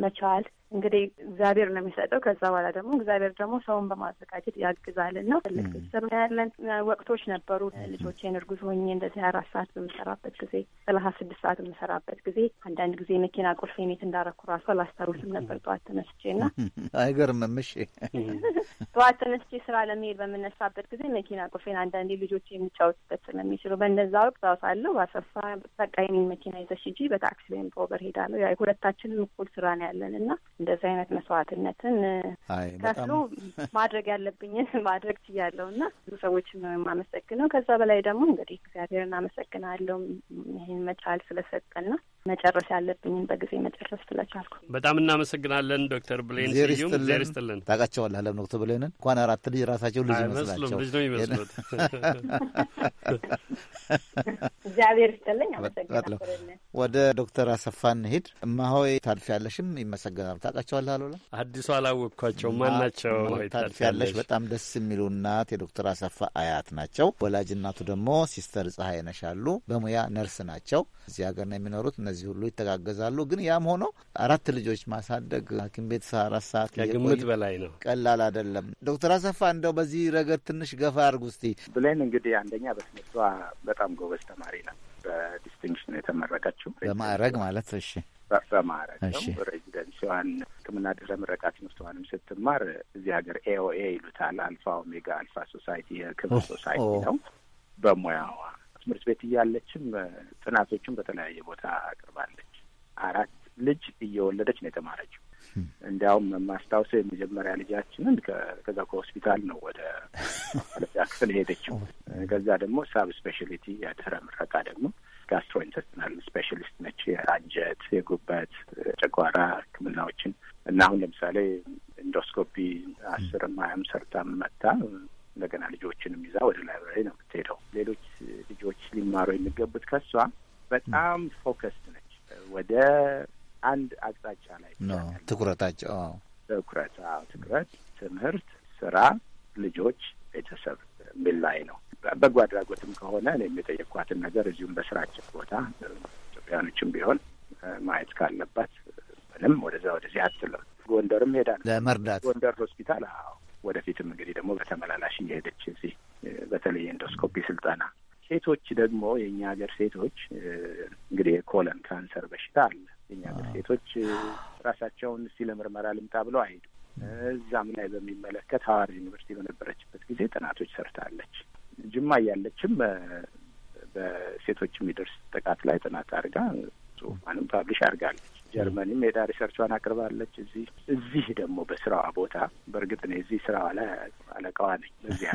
መቻል እንግዲህ እግዚአብሔር ነው የሚሰጠው። ከዛ በኋላ ደግሞ እግዚአብሔር ደግሞ ሰውን በማዘጋጀት ያግዛልና ትልቅ ቤተሰብ ያለን ወቅቶች ነበሩ። ልጆቼን እርጉዝ ሆኜ እንደዚህ አራት ሰዓት በምሰራበት ጊዜ ሰላሳ ስድስት ሰዓት በምሰራበት ጊዜ አንዳንድ ጊዜ መኪና ቁልፍ ሜት እንዳረኩ ራሱ አላስታውስም ነበር። ጠዋት ተነስቼ ና አይገርምም? እሺ ጠዋት ተነስቼ ስራ ለመሄድ በምነሳበት ጊዜ መኪና ቁልፌን አንዳንዴ ልጆች የሚጫወቱበት ስለሚችሉ በእነዛ ወቅት አውሳለሁ። ባሰፋ በቃ መኪና ይዘሽ ሂጂ፣ በታክሲ ወይም በኦበር ሄዳለሁ። ሁለታችንም እኩል ስራ ነው ያለን እና እንደዚህ አይነት መስዋዕትነትን ከፍሎ ማድረግ ያለብኝን ማድረግ ችያለሁ እና ብዙ ሰዎችን ነው የማመሰግነው። ከዛ በላይ ደግሞ እንግዲህ እግዚአብሔርን አመሰግናለሁ ይህን መቻል ስለሰጠና መጨረስ ያለብኝን በጊዜ መጨረስ ስለቻልኩ በጣም እናመሰግናለን። ዶክተር ብሌን ስዩም ታውቃቸዋለህ አለም ዶክተር ብሌንን እንኳን አራት ልጅ ራሳቸው ልጅ ይመስላቸው ልጅ ነው ይመስሉት። እግዚአብሔር ይስጥልኝ። አመሰግናለሁ። ወደ ዶክተር አሰፋ እንሂድ። እማሆይ ታድፊያለሽም ይመሰገናሉ። ታውቃቸዋለህ አሉላ አዲሱ አላወቅኳቸው ማን ናቸው? ታድፊያለሽ በጣም ደስ የሚሉ እናት የዶክተር አሰፋ አያት ናቸው። ወላጅ እናቱ ደግሞ ሲስተር ፀሐይ ነሻሉ በሙያ ነርስ ናቸው። እዚህ ሀገር ነው የሚኖሩት እነዚህ ሁሉ ይተጋገዛሉ። ግን ያም ሆኖ አራት ልጆች ማሳደግ ሐኪም ቤት አራት ሰዓት ከግምት በላይ ነው፣ ቀላል አይደለም። ዶክተር አሰፋ እንደው በዚህ ረገድ ትንሽ ገፋ አድርጉ እስቲ። ብሌን እንግዲህ አንደኛ በትምህርቷ በጣም ጎበዝ ተማሪ ነው። በዲስቲንክሽን የተመረቀችው በማዕረግ ማለት እሺ በማዕረግ ነው። ሬዚደንሲዋን ሕክምና ድረ ምረቃ ትምህርቷንም ስትማር እዚህ ሀገር ኤኦኤ ይሉታል አልፋ ኦሜጋ አልፋ ሶሳይቲ የሕክምና ሶሳይቲ ነው በሙያዋ ትምህርት ቤት እያለችም ጥናቶችን በተለያየ ቦታ አቅርባለች። አራት ልጅ እየወለደች ነው የተማረችው። እንዲያውም ማስታወሰው የመጀመሪያ ልጃችንን ከዛ ከሆስፒታል ነው ወደ ማለፊያ ክፍል ሄደችው። ከዛ ደግሞ ሳብ ስፔሻሊቲ የድህረ ምረቃ ደግሞ ጋስትሮኢንተስትናል ስፔሻሊስት ነች። የአንጀት፣ የጉበት፣ ጨጓራ ህክምናዎችን እና አሁን ለምሳሌ ኢንዶስኮፒ አስርም ሀያም ሰርታ መታ እንደገና ልጆችንም ይዛ ወደ ላይብራሪ ነው የምትሄደው። ሌሎች ልጆች ሊማሩ የሚገቡት ከሷ በጣም ፎከስድ ነች። ወደ አንድ አቅጣጫ ላይ ትኩረታቸው ትኩረት ትኩረት ትምህርት፣ ስራ፣ ልጆች፣ ቤተሰብ የሚል ላይ ነው። በጎ አድራጎትም ከሆነ እኔም የጠየኳትን ነገር እዚሁም በስራችን ቦታ ኢትዮጵያኖችም ቢሆን ማየት ካለባት ምንም ወደዛ ወደዚህ አትለም። ጎንደርም ሄዳ ለመርዳት ጎንደር ሆስፒታል አዎ ወደፊትም እንግዲህ ደግሞ በተመላላሽ እየሄደች እዚህ በተለይ ኤንዶስኮፒ ስልጠና ሴቶች ደግሞ የእኛ ሀገር ሴቶች እንግዲህ የኮለን ካንሰር በሽታ አለ። የእኛ ሀገር ሴቶች ራሳቸውን እስቲ ለምርመራ ልምጣ ብለው አይሄዱ። እዛም ላይ በሚመለከት ሀዋርድ ዩኒቨርሲቲ በነበረችበት ጊዜ ጥናቶች ሰርታለች። ጅማ እያለችም በሴቶች የሚደርስ ጥቃት ላይ ጥናት አድርጋ ጽሁፏንም ፓብሊሽ አድርጋለች። ጀርመኒም ሄዳ ሪሰርቿን አቅርባለች። እዚህ እዚህ ደግሞ በስራዋ ቦታ በእርግጥ ነው እዚህ ስራዋ ላይ አለቃዋ ነኝ በዚህ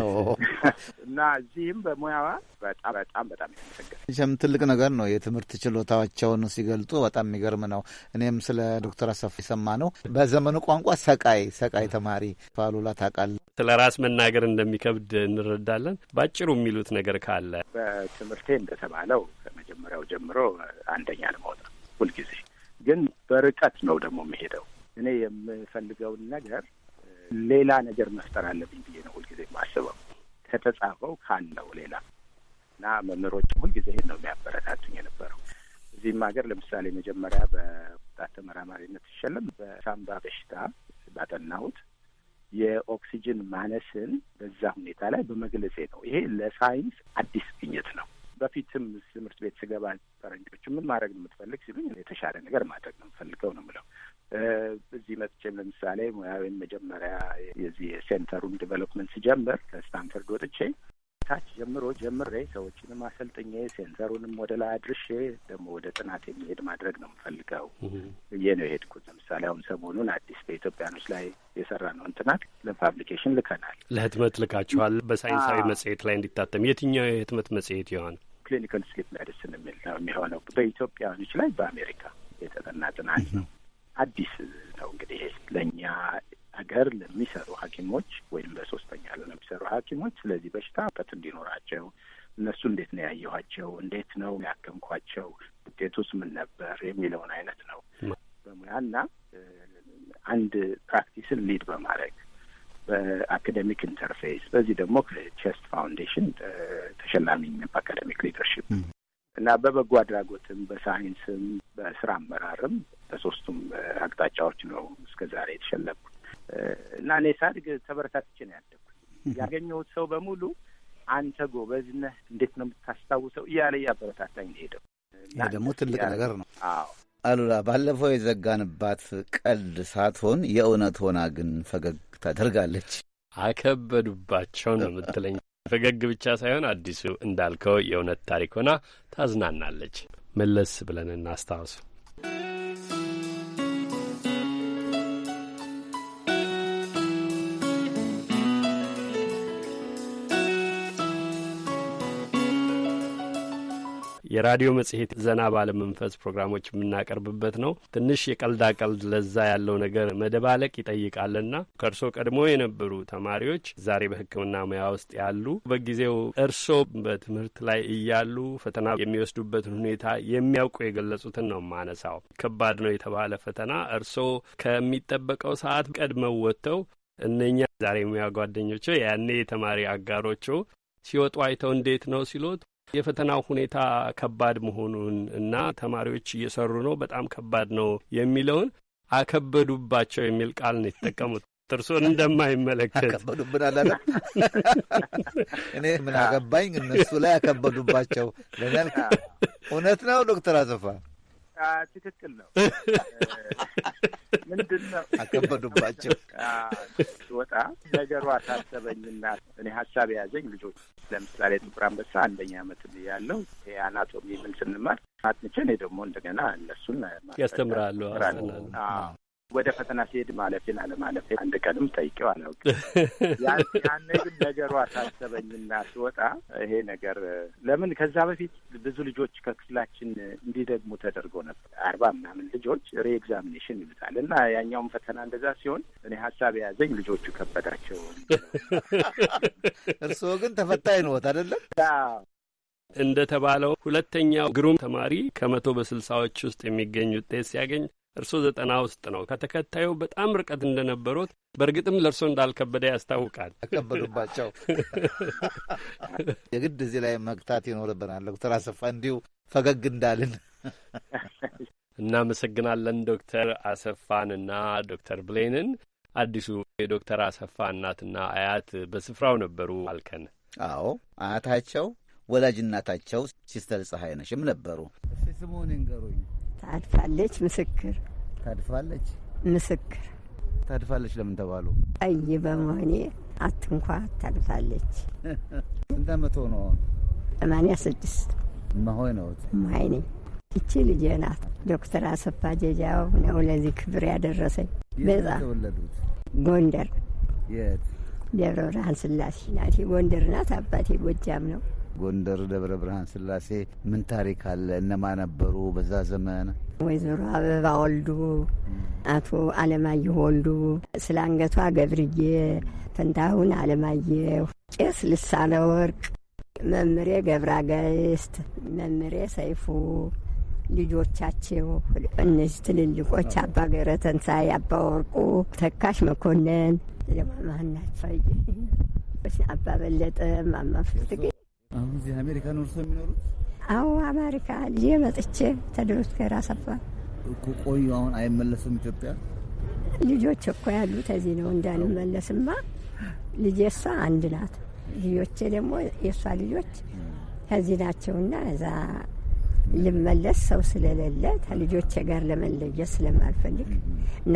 እና እዚህም በሙያዋ በጣም በጣም በጣም የተመሰገነ ትልቅ ነገር ነው። የትምህርት ችሎታቸውን ሲገልጡ በጣም የሚገርም ነው። እኔም ስለ ዶክተር አሰፋ የሰማ ነው በዘመኑ ቋንቋ ሰቃይ ሰቃይ ተማሪ ፋሉላ ታቃል ስለ ራስ መናገር እንደሚከብድ እንረዳለን። ባጭሩ የሚሉት ነገር ካለ በትምህርቴ እንደተባለው ከመጀመሪያው ጀምሮ አንደኛ ለመውጣት ሁልጊዜ ግን በርቀት ነው ደግሞ የምሄደው። እኔ የምፈልገውን ነገር ሌላ ነገር መፍጠር አለብኝ ብዬ ነው ሁልጊዜ የማስበው ከተጻፈው ካለው ሌላ እና መምህሮች ሁልጊዜ ይህን ነው የሚያበረታቱኝ የነበረው። እዚህም ሀገር ለምሳሌ መጀመሪያ በወጣት ተመራማሪነት ሲሸለም በሳምባ በሽታ ባጠናሁት የኦክሲጅን ማነስን በዛ ሁኔታ ላይ በመግለጼ ነው። ይሄ ለሳይንስ አዲስ ግኝት ነው። በፊትም ትምህርት ቤት ስገባ ፈረንጆቹ ምን ማድረግ ነው የምትፈልግ ሲሉኝ የተሻለ ነገር ማድረግ ነው የምፈልገው ነው ምለው። እዚህ መጥቼም ለምሳሌ ሙያዊን መጀመሪያ የዚህ የሴንተሩን ዲቨሎፕመንት ሲጀምር ከስታንፈርድ ወጥቼ ታች ጀምሮ ጀምሬ ሰዎችንም አሰልጥኜ ሴንሰሩንም ወደ ላይ አድርሼ ደግሞ ወደ ጥናት የሚሄድ ማድረግ ነው የምፈልገው ብዬ ነው የሄድኩት። ለምሳሌ አሁን ሰሞኑን አዲስ በኢትዮጵያኖች ላይ የሰራ ነውን ጥናት ለፓብሊኬሽን ልከናል። ለህትመት ልካችኋል። በሳይንሳዊ መጽሔት ላይ እንዲታተም የትኛው የህትመት መጽሔት ይሆን? ክሊኒካል ስሊፕ ሜዲስን የሚል ነው የሚሆነው። በኢትዮጵያኖች ላይ በአሜሪካ የተጠና ጥናት ነው። አዲስ ነው እንግዲህ ለእኛ ሀገር ለሚሰሩ ሐኪሞች ወይም ለሶስተኛ ለ ለሚሰሩ ሐኪሞች ስለዚህ በሽታ እውቀት እንዲኖራቸው እነሱ እንዴት ነው ያየኋቸው፣ እንዴት ነው ያከምኳቸው፣ ውጤቱስ ምን ነበር የሚለውን አይነት ነው በሙያና አንድ ፕራክቲስን ሊድ በማድረግ በአካደሚክ ኢንተርፌስ በዚህ ደግሞ ከቼስት ፋውንዴሽን ተሸላሚ በአካደሚክ ሊደርሽፕ እና በበጎ አድራጎትም በሳይንስም በስራ አመራርም በሶስቱም አቅጣጫዎች ነው እስከ ዛሬ የተሸለምኩት። እና እኔ ሳድግ ተበረታትቼ ነው ያደግኩት። ያገኘሁት ሰው በሙሉ አንተ ጎበዝ ነህ፣ እንዴት ነው የምታስታውሰው እያለ እያበረታታኝ ሄደው። ይህ ደግሞ ትልቅ ነገር ነው። አዎ አሉላ፣ ባለፈው የዘጋንባት ቀልድ ሳትሆን የእውነት ሆና ግን ፈገግ ታደርጋለች። አከበዱባቸው ነው የምትለኝ። ፈገግ ብቻ ሳይሆን አዲሱ እንዳልከው የእውነት ታሪክ ሆና ታዝናናለች። መለስ ብለን እናስታውስ። የራዲዮ መጽሔት ዘና ባለመንፈስ ፕሮግራሞች የምናቀርብበት ነው። ትንሽ የቀልዳ ቀልድ ለዛ ያለው ነገር መደባለቅ ይጠይቃልና ከእርሶ ቀድሞ የነበሩ ተማሪዎች ዛሬ በሕክምና ሙያ ውስጥ ያሉ በጊዜው እርሶ በትምህርት ላይ እያሉ ፈተና የሚወስዱበትን ሁኔታ የሚያውቁ የገለጹትን ነው ማነሳው። ከባድ ነው የተባለ ፈተና እርሶ ከሚጠበቀው ሰዓት ቀድመው ወጥተው እነኛ ዛሬ ሙያ ጓደኞቸው ያኔ የተማሪ አጋሮቹ ሲወጡ አይተው እንዴት ነው ሲሎት የፈተናው ሁኔታ ከባድ መሆኑን እና ተማሪዎች እየሰሩ ነው፣ በጣም ከባድ ነው የሚለውን አከበዱባቸው የሚል ቃል ነው የተጠቀሙት። ጥርሶን እንደማይመለከት አከበዱብን አላለ። እኔ ምን አገባኝ እነሱ ላይ አከበዱባቸው ለሚያልክ እውነት ነው ዶክተር አሰፋ ትክክል ነው። ምንድን ነው አከበዱባቸው። ወጣ ነገሩ አሳሰበኝና እኔ ሀሳብ የያዘኝ ልጆች ለምሳሌ ጥቁር አንበሳ አንደኛ ዓመት ያለው የአናቶሚ ምን ስንማር አጥንቼ እኔ ደግሞ እንደገና እነሱን ያስተምራሉ። ወደ ፈተና ሲሄድ ማለፌን አለማለፌን አንድ ቀንም ጠይቄው አላውቅም። ያኔ ግን ነገሩ አሳሰበኝና ስወጣ ይሄ ነገር ለምን ከዛ በፊት ብዙ ልጆች ከክፍላችን እንዲደግሙ ተደርጎ ነበር። አርባ ምናምን ልጆች ሪኤግዛሚኔሽን ይሉታል እና ያኛውም ፈተና እንደዛ ሲሆን እኔ ሀሳብ የያዘኝ ልጆቹ ከበዳቸው። እርስዎ ግን ተፈታኝ ነዎት አይደለም? እንደተባለው ሁለተኛው ግሩም ተማሪ ከመቶ በስልሳዎች ውስጥ የሚገኝ ውጤት ሲያገኝ እርስዎ ዘጠና ውስጥ ነው ከተከታዩ በጣም ርቀት እንደነበሩት በእርግጥም ለእርሶ እንዳልከበደ ያስታውቃል። ያከበዱባቸው የግድ እዚህ ላይ መግታት ይኖርብናል። ዶክተር አሰፋ እንዲሁ ፈገግ እንዳልን እናመሰግናለን። ዶክተር አሰፋንና ዶክተር ብሌንን አዲሱ የዶክተር አሰፋ እናትና አያት በስፍራው ነበሩ አልከን። አዎ አያታቸው ወላጅ እናታቸው ሲስተር ፀሐይ ነሽም ነበሩ። ስሙን ንገሩኝ። ታድፋለች። ምስክር ታድፋለች። ምስክር ታድፋለች። ለምን ተባሉ? ቀይ በመሆኔ አትንኳ ታድፋለች። ስንት አመቶ ነው ሰማንያ ስድስት ማሆይ ነው ማይ ነኝ። ይቺ ልጄ ናት። ዶክተር አሰፋ ጀጃው ነው ለዚህ ክብር ያደረሰኝ። በጣም ጎንደር፣ ደብረ ብርሃን ስላሴ። ናት ጎንደር ናት፣ አባቴ ጎጃም ነው። ጎንደር ደብረ ብርሃን ስላሴ ምን ታሪክ አለ? እነማ ነበሩ በዛ ዘመን? ወይዘሮ አበባ ወልዱ፣ አቶ አለማየሁ ወልዱ፣ ስለ አንገቷ ገብርዬ፣ ፈንታሁን አለማየሁ፣ ቄስ ልሳነ ወርቅ፣ መምሬ ገስት መምሬ ሰይፉ ልጆቻቸው እነዚህ ትልልቆች አባ ገረ ተንሳይ፣ አባ ወርቁ፣ ተካሽ መኮንን፣ ለማማህናት አባ በለጠ፣ ማማ ፍልትጌ አሁን እዚህ አሜሪካ ነው እርሶ የሚኖሩት? አዎ አሜሪካ ልጄ መጥቼ ተድሮስ ገራ ሰፋ እኮ ቆዩ። አሁን አይመለስም ኢትዮጵያ? ልጆች እኮ ያሉት እዚህ ነው። እንዳንመለስማ ልጄ እሷ አንድ ናት። ልጆቼ ደግሞ የእሷ ልጆች ከዚህ ናቸውና እዛ ልመለስ ሰው ስለሌለ ከልጆቼ ጋር ለመለየት ስለማልፈልግ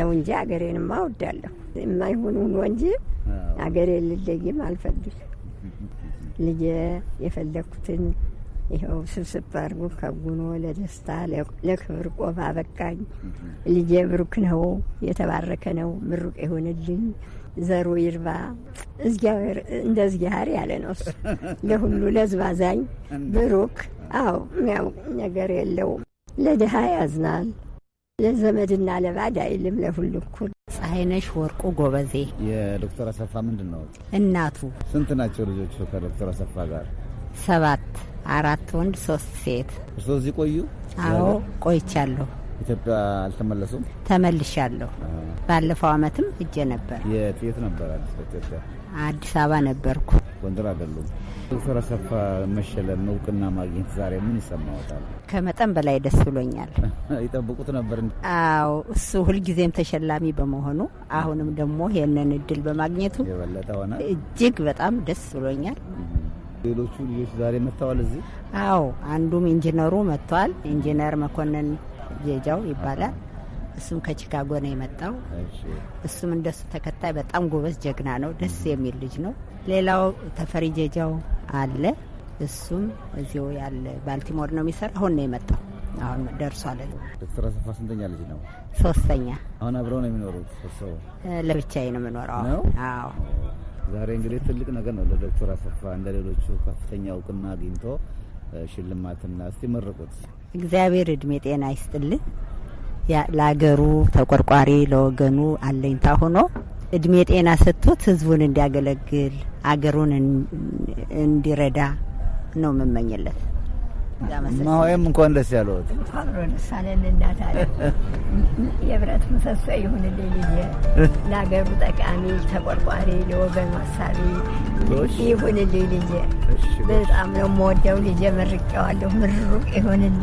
ነው እንጂ አገሬንማ እወዳለሁ። የማይሆን ሆኖ እንጂ አገሬን ልለይም አልፈልግም። ልጄ የፈለግኩትን ይኸው ስብስብ አድርጎ ከጉኖ ለደስታ ለክብር ቆብ አበቃኝ። ልጄ ብሩክ ነው፣ የተባረከ ነው። ምሩቅ የሆንልኝ ዘሩ ይርባ እግዚአብሔር እንደ እግዚአብሔር ያለ ነው። እሱ ለሁሉ ለዝባዛኝ ብሩክ። አዎ የሚያውቅ ነገር የለውም። ለድሀ ያዝናል ለዘመድና ለባድ አይልም ለሁሉ እኩል። ፀሐይነሽ ወርቁ ጎበዜ የዶክተር አሰፋ ምንድን ነው እናቱ። ስንት ናቸው ልጆቹ ከዶክተር አሰፋ ጋር? ሰባት አራት ወንድ ሶስት ሴት። እርሶ እዚህ ቆዩ? አዎ ቆይቻለሁ። ኢትዮጵያ አልተመለሱም? ተመልሻለሁ። ባለፈው አመትም እጄ ነበር። የት ነበር? ኢትዮጵያ አዲስ አበባ ነበርኩ። ጎንደር አይደሉም። ዶክተር አሰፋ መሸለም እውቅና ማግኘት ዛሬ ምን ይሰማዎታል? ከመጠን በላይ ደስ ብሎኛል። ይጠብቁት ነበር? አዎ፣ እሱ ሁልጊዜም ተሸላሚ በመሆኑ አሁንም ደግሞ ይህንን እድል በማግኘቱ የበለጠ ሆነ። እጅግ በጣም ደስ ብሎኛል። ሌሎቹ ልጆች ዛሬ መጥተዋል እዚህ? አዎ፣ አንዱም ኢንጂነሩ መጥቷል። ኢንጂነር መኮንን ጄጃው ይባላል። እሱም ከቺካጎ ነው የመጣው። እሱም እንደሱ ተከታይ በጣም ጎበዝ ጀግና ነው። ደስ የሚል ልጅ ነው። ሌላው ተፈሪ ጀጃው አለ። እሱም እዚሁ ያለ ባልቲሞር ነው የሚሰራ። አሁን ነው የመጣው። አሁን ደርሷል። ዶክተር አሰፋ ስንተኛ ልጅ ነው? ሶስተኛ። አሁን አብረው ነው የሚኖሩት? ለብቻዬ ነው የምኖረው። አዎ። ዛሬ እንግዲህ ትልቅ ነገር ነው ለዶክተር አሰፋ እንደ ሌሎቹ ከፍተኛ እውቅና አግኝቶ ሽልማትና እስቲ መርቁት። እግዚአብሔር እድሜ ጤና ይስጥልን። ለሀገሩ ተቆርቋሪ ለወገኑ አለኝታ ሆኖ እድሜ ጤና ሰጥቶት ህዝቡን እንዲያገለግል አገሩን እንዲረዳ ነው የምመኝለት። ማሆይም እንኳን ደስ ያለዎት። አብሮ ደስ የብረት ምሰሶ ይሁንልኝ ልዬ ለአገሩ ጠቃሚ ተቆርቋሪ፣ ለወገኑ አሳቢ ይሁንልኝ ልዬ። በጣም ነው የምወደው ልጄ። መርቄዋለሁ። ምሩቅ ይሁንልኝ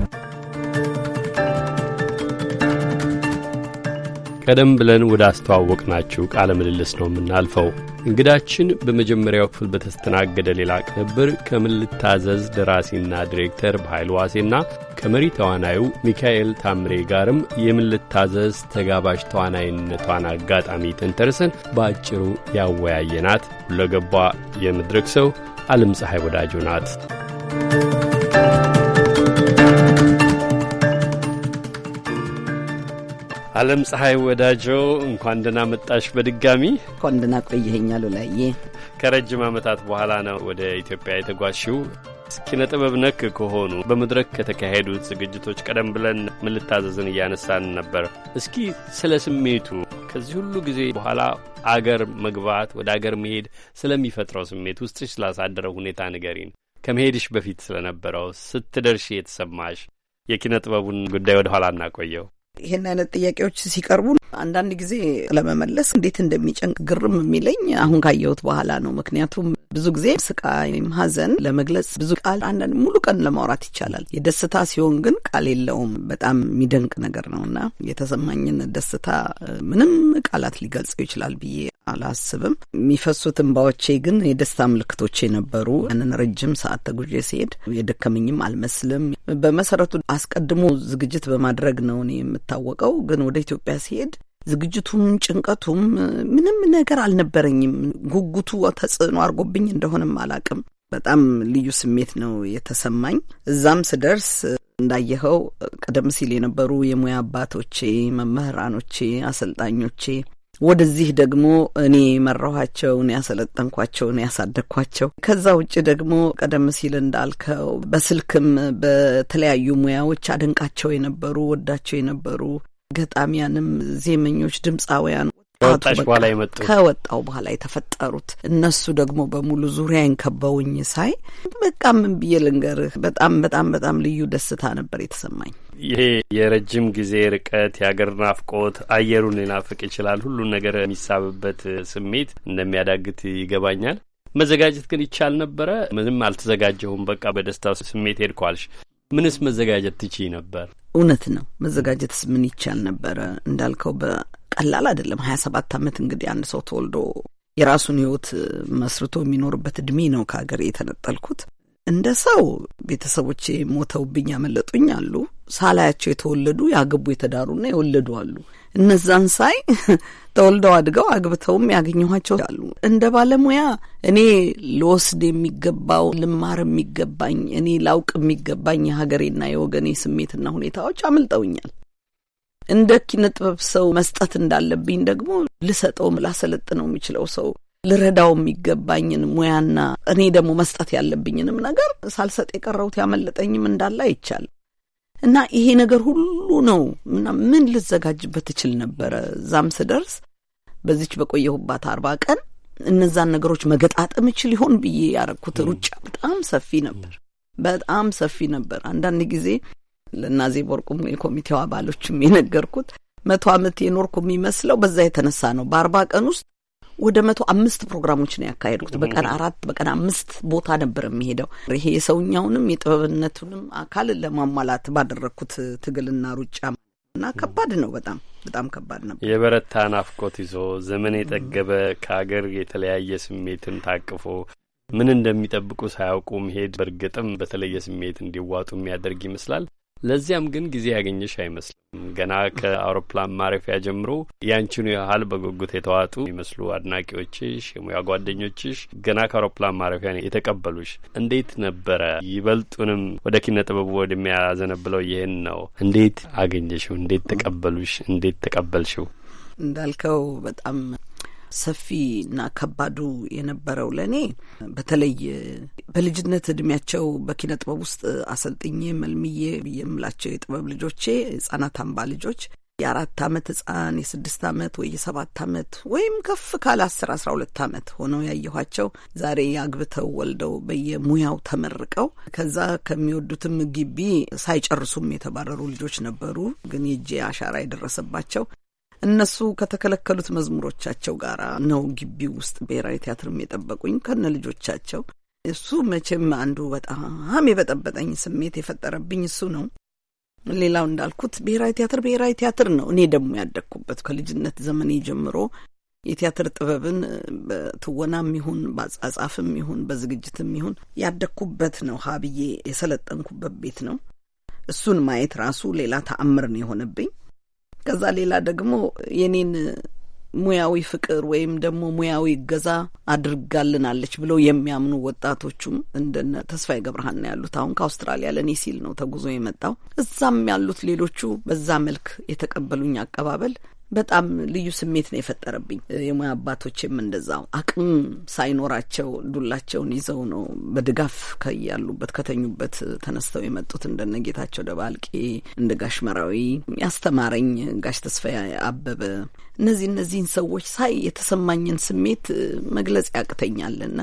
ቀደም ብለን ወደ አስተዋወቅናችሁ ቃለ ምልልስ ነው የምናልፈው። እንግዳችን በመጀመሪያው ክፍል በተስተናገደ ሌላ ቅንብር ከምልታዘዝ ደራሲና ዲሬክተር በኃይል ዋሴና ከመሪ ተዋናዩ ሚካኤል ታምሬ ጋርም የምልታዘዝ ተጋባዥ ተዋናይነቷን አጋጣሚ ተንተርሰን በአጭሩ ያወያየናት ሁለገቧ የመድረክ ሰው አለም ፀሐይ ወዳጅ ናት። አለም ፀሐይ ወዳጆ እንኳን ደህና መጣሽ በድጋሚ። እንኳን ደህና ቆየኸኛል ላዬ። ከረጅም ዓመታት በኋላ ነው ወደ ኢትዮጵያ የተጓሽው ኪነ ጥበብ ነክ ከሆኑ በመድረክ ከተካሄዱት ዝግጅቶች ቀደም ብለን ምልታዘዝን እያነሳን ነበር። እስኪ ስለ ስሜቱ ከዚህ ሁሉ ጊዜ በኋላ አገር መግባት ወደ አገር መሄድ ስለሚፈጥረው ስሜት ውስጥሽ ስላሳደረው ሁኔታ ንገሪን። ከመሄድሽ በፊት ስለነበረው ስትደርሽ የተሰማሽ የኪነ ጥበቡን ጉዳይ ወደ ኋላ እናቆየው። ይህን አይነት ጥያቄዎች ሲቀርቡ አንዳንድ ጊዜ ለመመለስ እንዴት እንደሚጨንቅ ግርም የሚለኝ አሁን ካየሁት በኋላ ነው። ምክንያቱም ብዙ ጊዜ ስቃይ ወይም ሐዘን ለመግለጽ ብዙ ቃል አንዳንድ ሙሉ ቀን ለማውራት ይቻላል። የደስታ ሲሆን ግን ቃል የለውም። በጣም የሚደንቅ ነገር ነው እና የተሰማኝን ደስታ ምንም ቃላት ሊገልጸው ይችላል ብዬ አላስብም። የሚፈሱት እንባዎቼ ግን የደስታ ምልክቶቼ ነበሩ። ያንን ረጅም ሰዓት ተጉዤ ሲሄድ የደከመኝም አልመስልም። በመሰረቱ አስቀድሞ ዝግጅት በማድረግ ነው እኔ የምታወቀው። ግን ወደ ኢትዮጵያ ሲሄድ ዝግጅቱም ጭንቀቱም ምንም ነገር አልነበረኝም። ጉጉቱ ተጽዕኖ አድርጎብኝ እንደሆነም አላቅም። በጣም ልዩ ስሜት ነው የተሰማኝ። እዛም ስደርስ እንዳየኸው ቀደም ሲል የነበሩ የሙያ አባቶቼ፣ መምህራኖቼ፣ አሰልጣኞቼ ወደዚህ ደግሞ እኔ መራኋቸውን ያሰለጠንኳቸውን ያሳደግኳቸው። ከዛ ውጭ ደግሞ ቀደም ሲል እንዳልከው በስልክም በተለያዩ ሙያዎች አደንቃቸው የነበሩ ወዳቸው የነበሩ ገጣሚያንም፣ ዜመኞች፣ ድምፃውያን ከወጣሽ በኋላ የመጡ ከወጣው በኋላ የተፈጠሩት እነሱ ደግሞ በሙሉ ዙሪያ ከበውኝ ሳይ በቃ ምን ብዬ ልንገርህ፣ በጣም በጣም በጣም ልዩ ደስታ ነበር የተሰማኝ። ይሄ የረጅም ጊዜ ርቀት የአገር ናፍቆት አየሩን ሊናፍቅ ይችላል። ሁሉን ነገር የሚሳብበት ስሜት እንደሚያዳግት ይገባኛል። መዘጋጀት ግን ይቻል ነበረ። ምንም አልተዘጋጀሁም፣ በቃ በደስታ ስሜት ሄድኳልሽ። ምንስ መዘጋጀት ትችይ ነበር? እውነት ነው። መዘጋጀትስ ምን ይቻል ነበረ? እንዳልከው ቀላል አይደለም። ሀያ ሰባት ዓመት እንግዲህ አንድ ሰው ተወልዶ የራሱን ህይወት መስርቶ የሚኖርበት እድሜ ነው። ከሀገር የተነጠልኩት እንደ ሰው ቤተሰቦቼ ሞተውብኝ ያመለጡኝ አሉ። ሳላያቸው የተወለዱ ያገቡ የተዳሩና የወለዱ አሉ። እነዛን ሳይ ተወልደው አድገው አግብተውም ያገኘኋቸው አሉ። እንደ ባለሙያ እኔ ልወስድ የሚገባው ልማር የሚገባኝ እኔ ላውቅ የሚገባኝ የሀገሬና የወገኔ ስሜትና ሁኔታዎች አምልጠውኛል። እንደ ኪነ ጥበብ ሰው መስጠት እንዳለብኝ ደግሞ ልሰጠውም ላሰለጥነው የሚችለው ሰው ልረዳው የሚገባኝን ሙያና እኔ ደግሞ መስጠት ያለብኝንም ነገር ሳልሰጥ የቀረውት ያመለጠኝም እንዳለ አይቻል እና ይሄ ነገር ሁሉ ነው እና ምን ልዘጋጅበት እችል ነበረ። እዛም ስደርስ በዚች በቆየሁባት አርባ ቀን እነዛን ነገሮች መገጣጠም እችል ይሆን ብዬ ያረኩት ሩጫ በጣም ሰፊ ነበር። በጣም ሰፊ ነበር። አንዳንድ ጊዜ ለናዜብ ወርቁም የኮሚቴው አባሎችም የነገርኩት መቶ ዓመት የኖርኩ የሚመስለው በዛ የተነሳ ነው። በአርባ ቀን ውስጥ ወደ መቶ አምስት ፕሮግራሞች ነው ያካሄድኩት። በቀን አራት በቀን አምስት ቦታ ነበር የሚሄደው። ይሄ የሰውኛውንም የጥበብነቱንም አካል ለማሟላት ባደረግኩት ትግልና ሩጫ እና ከባድ ነው በጣም በጣም ከባድ ነበር። የበረታ ናፍቆት ይዞ ዘመን የጠገበ ከሀገር የተለያየ ስሜትን ታቅፎ ምን እንደሚጠብቁ ሳያውቁ መሄድ በእርግጥም በተለየ ስሜት እንዲዋጡ የሚያደርግ ይመስላል። ለዚያም ግን ጊዜ ያገኘሽ አይመስልም። ገና ከአውሮፕላን ማረፊያ ጀምሮ ያንቺኑ ያህል በጉጉት የተዋጡ ይመስሉ አድናቂዎችሽ፣ የሙያ ጓደኞችሽ ገና ከአውሮፕላን ማረፊያ የተቀበሉሽ እንዴት ነበረ? ይበልጡንም ወደ ኪነ ጥበቡ ወደሚያዘነብለው ይህን ነው። እንዴት አገኘሽው? እንዴት ተቀበሉሽ? እንዴት ተቀበልሽው? እንዳልከው በጣም ሰፊ እና ከባዱ የነበረው ለእኔ በተለይ በልጅነት እድሜያቸው በኪነ ጥበብ ውስጥ አሰልጥኜ መልምዬ የምላቸው የጥበብ ልጆቼ ህጻናት አምባ ልጆች የአራት አመት ህጻን የስድስት አመት ወይ የሰባት አመት ወይም ከፍ ካለ አስር አስራ ሁለት አመት ሆነው ያየኋቸው ዛሬ አግብተው ወልደው በየሙያው ተመርቀው ከዛ ከሚወዱትም ግቢ ሳይጨርሱም የተባረሩ ልጆች ነበሩ። ግን የእጄ አሻራ የደረሰባቸው እነሱ ከተከለከሉት መዝሙሮቻቸው ጋር ነው ግቢ ውስጥ ብሔራዊ ቲያትርም የጠበቁኝ ከነ ልጆቻቸው። እሱ መቼም አንዱ በጣም የበጠበጠኝ ስሜት የፈጠረብኝ እሱ ነው። ሌላው እንዳልኩት ብሔራዊ ቲያትር ብሔራዊ ቲያትር ነው። እኔ ደግሞ ያደግኩበት ከልጅነት ዘመኔ ጀምሮ የቲያትር ጥበብን በትወናም ይሁን በአጻጻፍም ይሁን በዝግጅትም ይሁን ያደግኩበት ነው። ሀብዬ የሰለጠንኩበት ቤት ነው። እሱን ማየት ራሱ ሌላ ተአምር ነው የሆነብኝ። ከዛ ሌላ ደግሞ የኔን ሙያዊ ፍቅር ወይም ደግሞ ሙያዊ እገዛ አድርጋልናለች ብለው የሚያምኑ ወጣቶቹም እንደነ ተስፋዬ ገብረሃና ያሉት አሁን ከአውስትራሊያ ለእኔ ሲል ነው ተጉዞ የመጣው። እዛም ያሉት ሌሎቹ በዛ መልክ የተቀበሉኝ አቀባበል በጣም ልዩ ስሜት ነው የፈጠረብኝ። የሙያ አባቶችም እንደዛው አቅም ሳይኖራቸው ዱላቸውን ይዘው ነው በድጋፍ ከያሉበት ከተኙበት ተነስተው የመጡት እንደነ ጌታቸው ደባልቄ እንደ ጋሽ መራዊ ያስተማረኝ ጋሽ ተስፋዬ አበበ እነዚህ እነዚህን ሰዎች ሳይ የተሰማኝን ስሜት መግለጽ ያቅተኛልና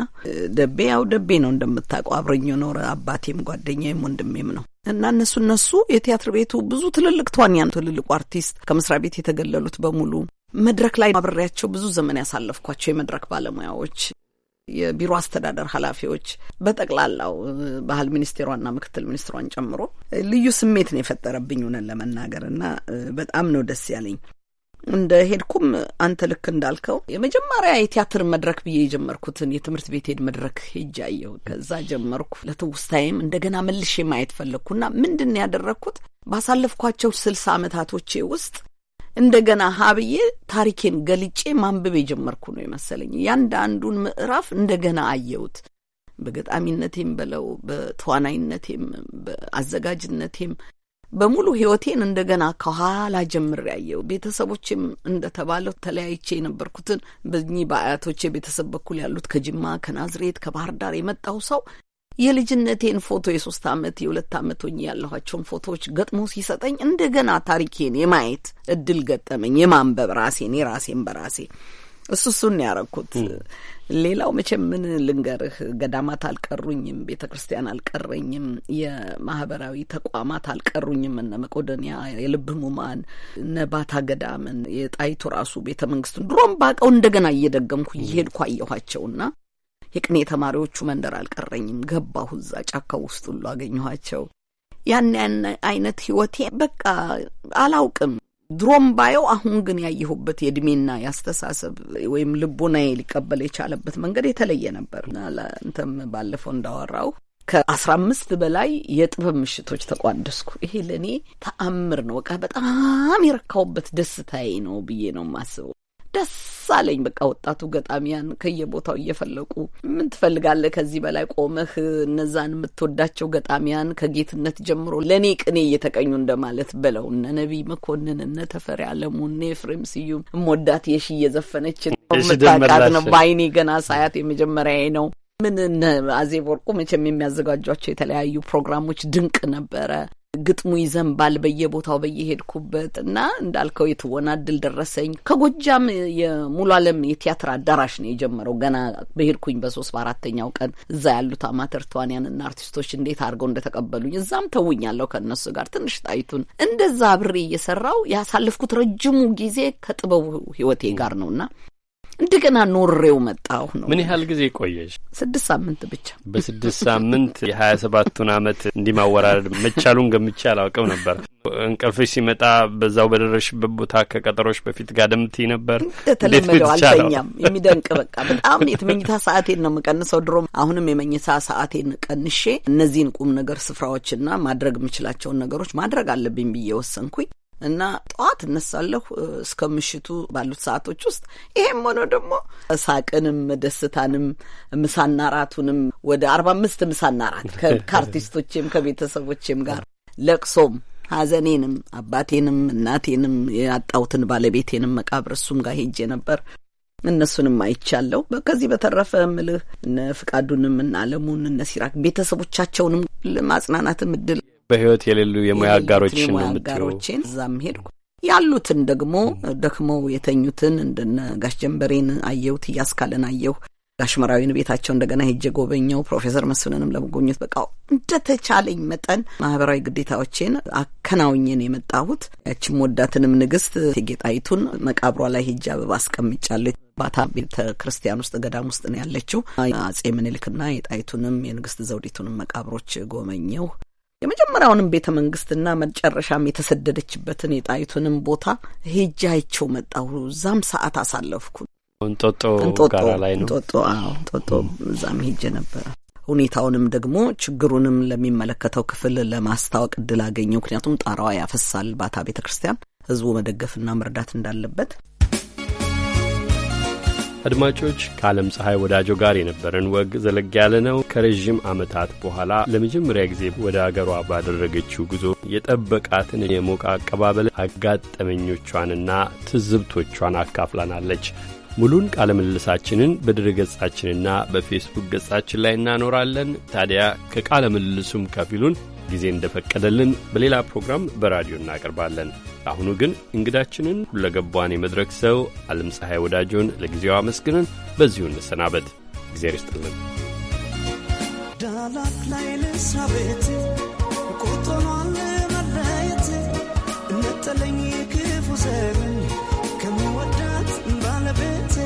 ደቤ ያው ደቤ ነው እንደምታውቀው አብረኝ ኖረ አባቴም ጓደኛዬም ወንድሜም ነው። እና እነሱ እነሱ የቲያትር ቤቱ ብዙ ትልልቅ ተዋንያን ትልልቁ አርቲስት ከመስሪያ ቤት የተገለሉት በሙሉ መድረክ ላይ አብሬያቸው ብዙ ዘመን ያሳለፍኳቸው የመድረክ ባለሙያዎች፣ የቢሮ አስተዳደር ኃላፊዎች በጠቅላላው ባህል ሚኒስቴሯና ምክትል ሚኒስትሯን ጨምሮ ልዩ ስሜት ነው የፈጠረብኝ እውነት ለመናገር እና በጣም ነው ደስ ያለኝ። እንደ ሄድኩም አንተ ልክ እንዳልከው የመጀመሪያ የቲያትር መድረክ ብዬ የጀመርኩትን የትምህርት ቤት ሄድ መድረክ ሄጄ ከዛ ጀመርኩ። ለትውስታዬም እንደገና መልሼ ማየት ፈለግኩና ምንድን ያደረግኩት ባሳለፍኳቸው ስልሳ አመታቶቼ ውስጥ እንደገና ሀብዬ ታሪኬን ገልጬ ማንበብ የጀመርኩ ነው የመሰለኝ። ያንዳንዱን ምዕራፍ እንደገና አየሁት። በገጣሚነቴም በለው በተዋናይነቴም በአዘጋጅነቴም በሙሉ ህይወቴን እንደገና ከኋላ ጀምር ያየው ቤተሰቦችም እንደተባለው ተለያይቼ የነበርኩትን በኚህ በአያቶቼ ቤተሰብ በኩል ያሉት ከጅማ ከናዝሬት ከባህር ዳር የመጣው ሰው የልጅነቴን ፎቶ የሶስት አመት የሁለት አመት ሆኜ ያለኋቸውን ፎቶዎች ገጥሞ ሲሰጠኝ እንደገና ታሪኬን የማየት እድል ገጠመኝ የማንበብ ራሴን የራሴን በራሴ እሱ እሱን ያረኩት። ሌላው መቼም ምን ልንገርህ፣ ገዳማት አልቀሩኝም፣ ቤተ ክርስቲያን አልቀረኝም፣ የማህበራዊ ተቋማት አልቀሩኝም። እነ መቆደኒያ የልብ ሙማን እነ ባታ ገዳምን የጣይቱ ራሱ ቤተ መንግስትን ድሮም ባቀው እንደገና እየደገምኩ እየሄድኩ አየኋቸውና የቅኔ ተማሪዎቹ መንደር አልቀረኝም። ገባሁ እዛ ጫካው ውስጥ ሁሉ አገኘኋቸው። ያን ያን አይነት ህይወቴ በቃ አላውቅም ድሮም ባየው አሁን ግን ያየሁበት የእድሜና ያስተሳሰብ ወይም ልቦናዬ ሊቀበል የቻለበት መንገድ የተለየ ነበር እና ባለፈው እንዳወራው ከአስራ አምስት በላይ የጥበብ ምሽቶች ተቋደስኩ። ይሄ ለእኔ ተአምር ነው። በቃ በጣም የረካሁበት ደስታዬ ነው ብዬ ነው የማስበው። ደስ አለኝ። በቃ ወጣቱ ገጣሚያን ከየቦታው እየፈለቁ ምን ትፈልጋለህ ከዚህ በላይ ቆመህ እነዛን የምትወዳቸው ገጣሚያን ከጌትነት ጀምሮ ለእኔ ቅኔ እየተቀኙ እንደማለት በለው እነ ነቢይ መኮንን፣ እነ ተፈሪ አለሙ፣ እነ ኤፍሬም ስዩም እምወዳት የሺ እየዘፈነች ምታቃት ነው። በአይኔ ገና ሳያት የመጀመሪያ ነው። ምን አዜብ ወርቁ መቼም የሚያዘጋጇቸው የተለያዩ ፕሮግራሞች ድንቅ ነበረ። ግጥሙ ይዘንባል በየቦታው በየሄድኩበት እና እንዳልከው የትወና እድል ደረሰኝ። ከጎጃም የሙሉ አለም የቲያትር አዳራሽ ነው የጀመረው። ገና በሄድኩኝ በሶስት በአራተኛው ቀን እዛ ያሉት አማተር ተዋንያንና አርቲስቶች እንዴት አድርገው እንደተቀበሉኝ እዛም ተውኛለሁ ከእነሱ ጋር ትንሽ ጣይቱን እንደዛ አብሬ እየሰራው ያሳለፍኩት ረጅሙ ጊዜ ከጥበቡ ህይወቴ ጋር ነውና እንደገና ኖሬው መጣሁ ነው። ምን ያህል ጊዜ ቆየሽ? ስድስት ሳምንት ብቻ። በስድስት ሳምንት የሀያ ሰባቱን አመት እንዲህ ማወራረድ መቻሉን ገምቼ አላውቅም ነበር። እንቅልፍሽ ሲመጣ በዛው በደረሽበት ቦታ ከቀጠሮች በፊት ጋር ትይ ነበር። እንደተለመደው አልተኛም። የሚደንቅ በቃ በጣም የመኝታ ሰዓቴን ነው የምቀንሰው። ድሮም አሁንም የመኝታ ሰዓቴን ቀንሼ እነዚህን ቁም ነገር ስፍራዎችና ማድረግ የምችላቸውን ነገሮች ማድረግ አለብኝ ብዬ ወሰንኩኝ። እና ጠዋት እነሳለሁ እስከ ምሽቱ ባሉት ሰዓቶች ውስጥ ይሄም ሆኖ ደግሞ ሳቅንም ደስታንም ምሳና ራቱንም ወደ አርባ አምስት ምሳና ራት ከአርቲስቶቼም ከቤተሰቦቼም ጋር ለቅሶም ሐዘኔንም አባቴንም እናቴንም ያጣሁትን ባለቤቴንም መቃብር እሱም ጋር ሄጄ ነበር። እነሱንም አይቻለሁ። ከዚህ በተረፈ ምልህ እነ ፍቃዱንም እና አለሙን እነ ሲራክ ቤተሰቦቻቸውንም ለማጽናናትም እድል በህይወት የሌሉ የሙያ አጋሮችን ነው አጋሮችን እዛም ሄድኩ። ያሉትን ደግሞ ደክመው የተኙትን እንደነ ጋሽ ጀንበሬን አየሁ፣ ትያስካለን አየሁ፣ ጋሽመራዊን ቤታቸው እንደገና ሄጀ ጎበኘው፣ ፕሮፌሰር መስፍንንም ለመጎብኘት በቃ እንደተቻለኝ መጠን ማህበራዊ ግዴታዎቼን አከናውኝን የመጣሁት። ያችም ወዳትንም ንግስት ጌጣይቱን መቃብሯ ላይ ሄጄ አበባ አስቀምጫለች። ባታ ቤተ ክርስቲያን ውስጥ ገዳም ውስጥ ነው ያለችው። አጼ ምኒልክና የጣይቱንም የንግስት ዘውዲቱንም መቃብሮች ጎመኘው። የመጀመሪያውንም ቤተ መንግስትና መጨረሻም የተሰደደችበትን የጣይቱንም ቦታ ሄጄ አይቼው መጣሁ። እዛም ሰዓት አሳለፍኩ። እንጦጦ ጋራ ላይ ነው። እንጦጦ አዎ፣ እንጦጦ እዛም ሄጄ ነበረ። ሁኔታውንም ደግሞ ችግሩንም ለሚመለከተው ክፍል ለማስታወቅ እድል አገኘው ምክንያቱም ጣራዋ ያፈሳል ባታ ቤተ ክርስቲያን ህዝቡ መደገፍና መርዳት እንዳለበት አድማጮች ከዓለም ፀሐይ ወዳጆ ጋር የነበረን ወግ ዘለግ ያለ ነው። ከረዥም ዓመታት በኋላ ለመጀመሪያ ጊዜ ወደ አገሯ ባደረገችው ጉዞ የጠበቃትን የሞቀ አቀባበል አጋጠመኞቿንና ትዝብቶቿን አካፍላናለች። ሙሉን ቃለ ምልልሳችንን በድረ ገጻችንና በፌስቡክ ገጻችን ላይ እናኖራለን። ታዲያ ከቃለ ምልልሱም ከፊሉን ጊዜ እንደፈቀደልን በሌላ ፕሮግራም በራዲዮ እናቀርባለን። አሁኑ ግን እንግዳችንን ሁለገቧን የመድረክ ሰው አለም ፀሐይ ወዳጆን ለጊዜው አመስግነን በዚሁ እንሰናበት። እግዜር ይስጥልን። ዳላት ላይ ልሳ ቤት ቁርጦኗን መለየት እነጠለኝ ክፉ ዘመን ከምወዳት ባለቤት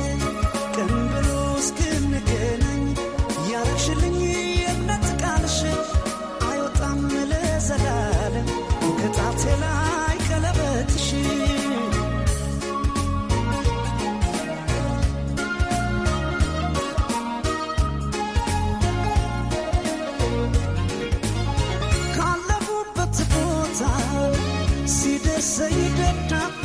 ቀን ብሎ እስክንገናኝ ያረግሽልኝ የእምነት ቃልሽ አይወጣም ለዘላለም ከጣቴ ላይ say that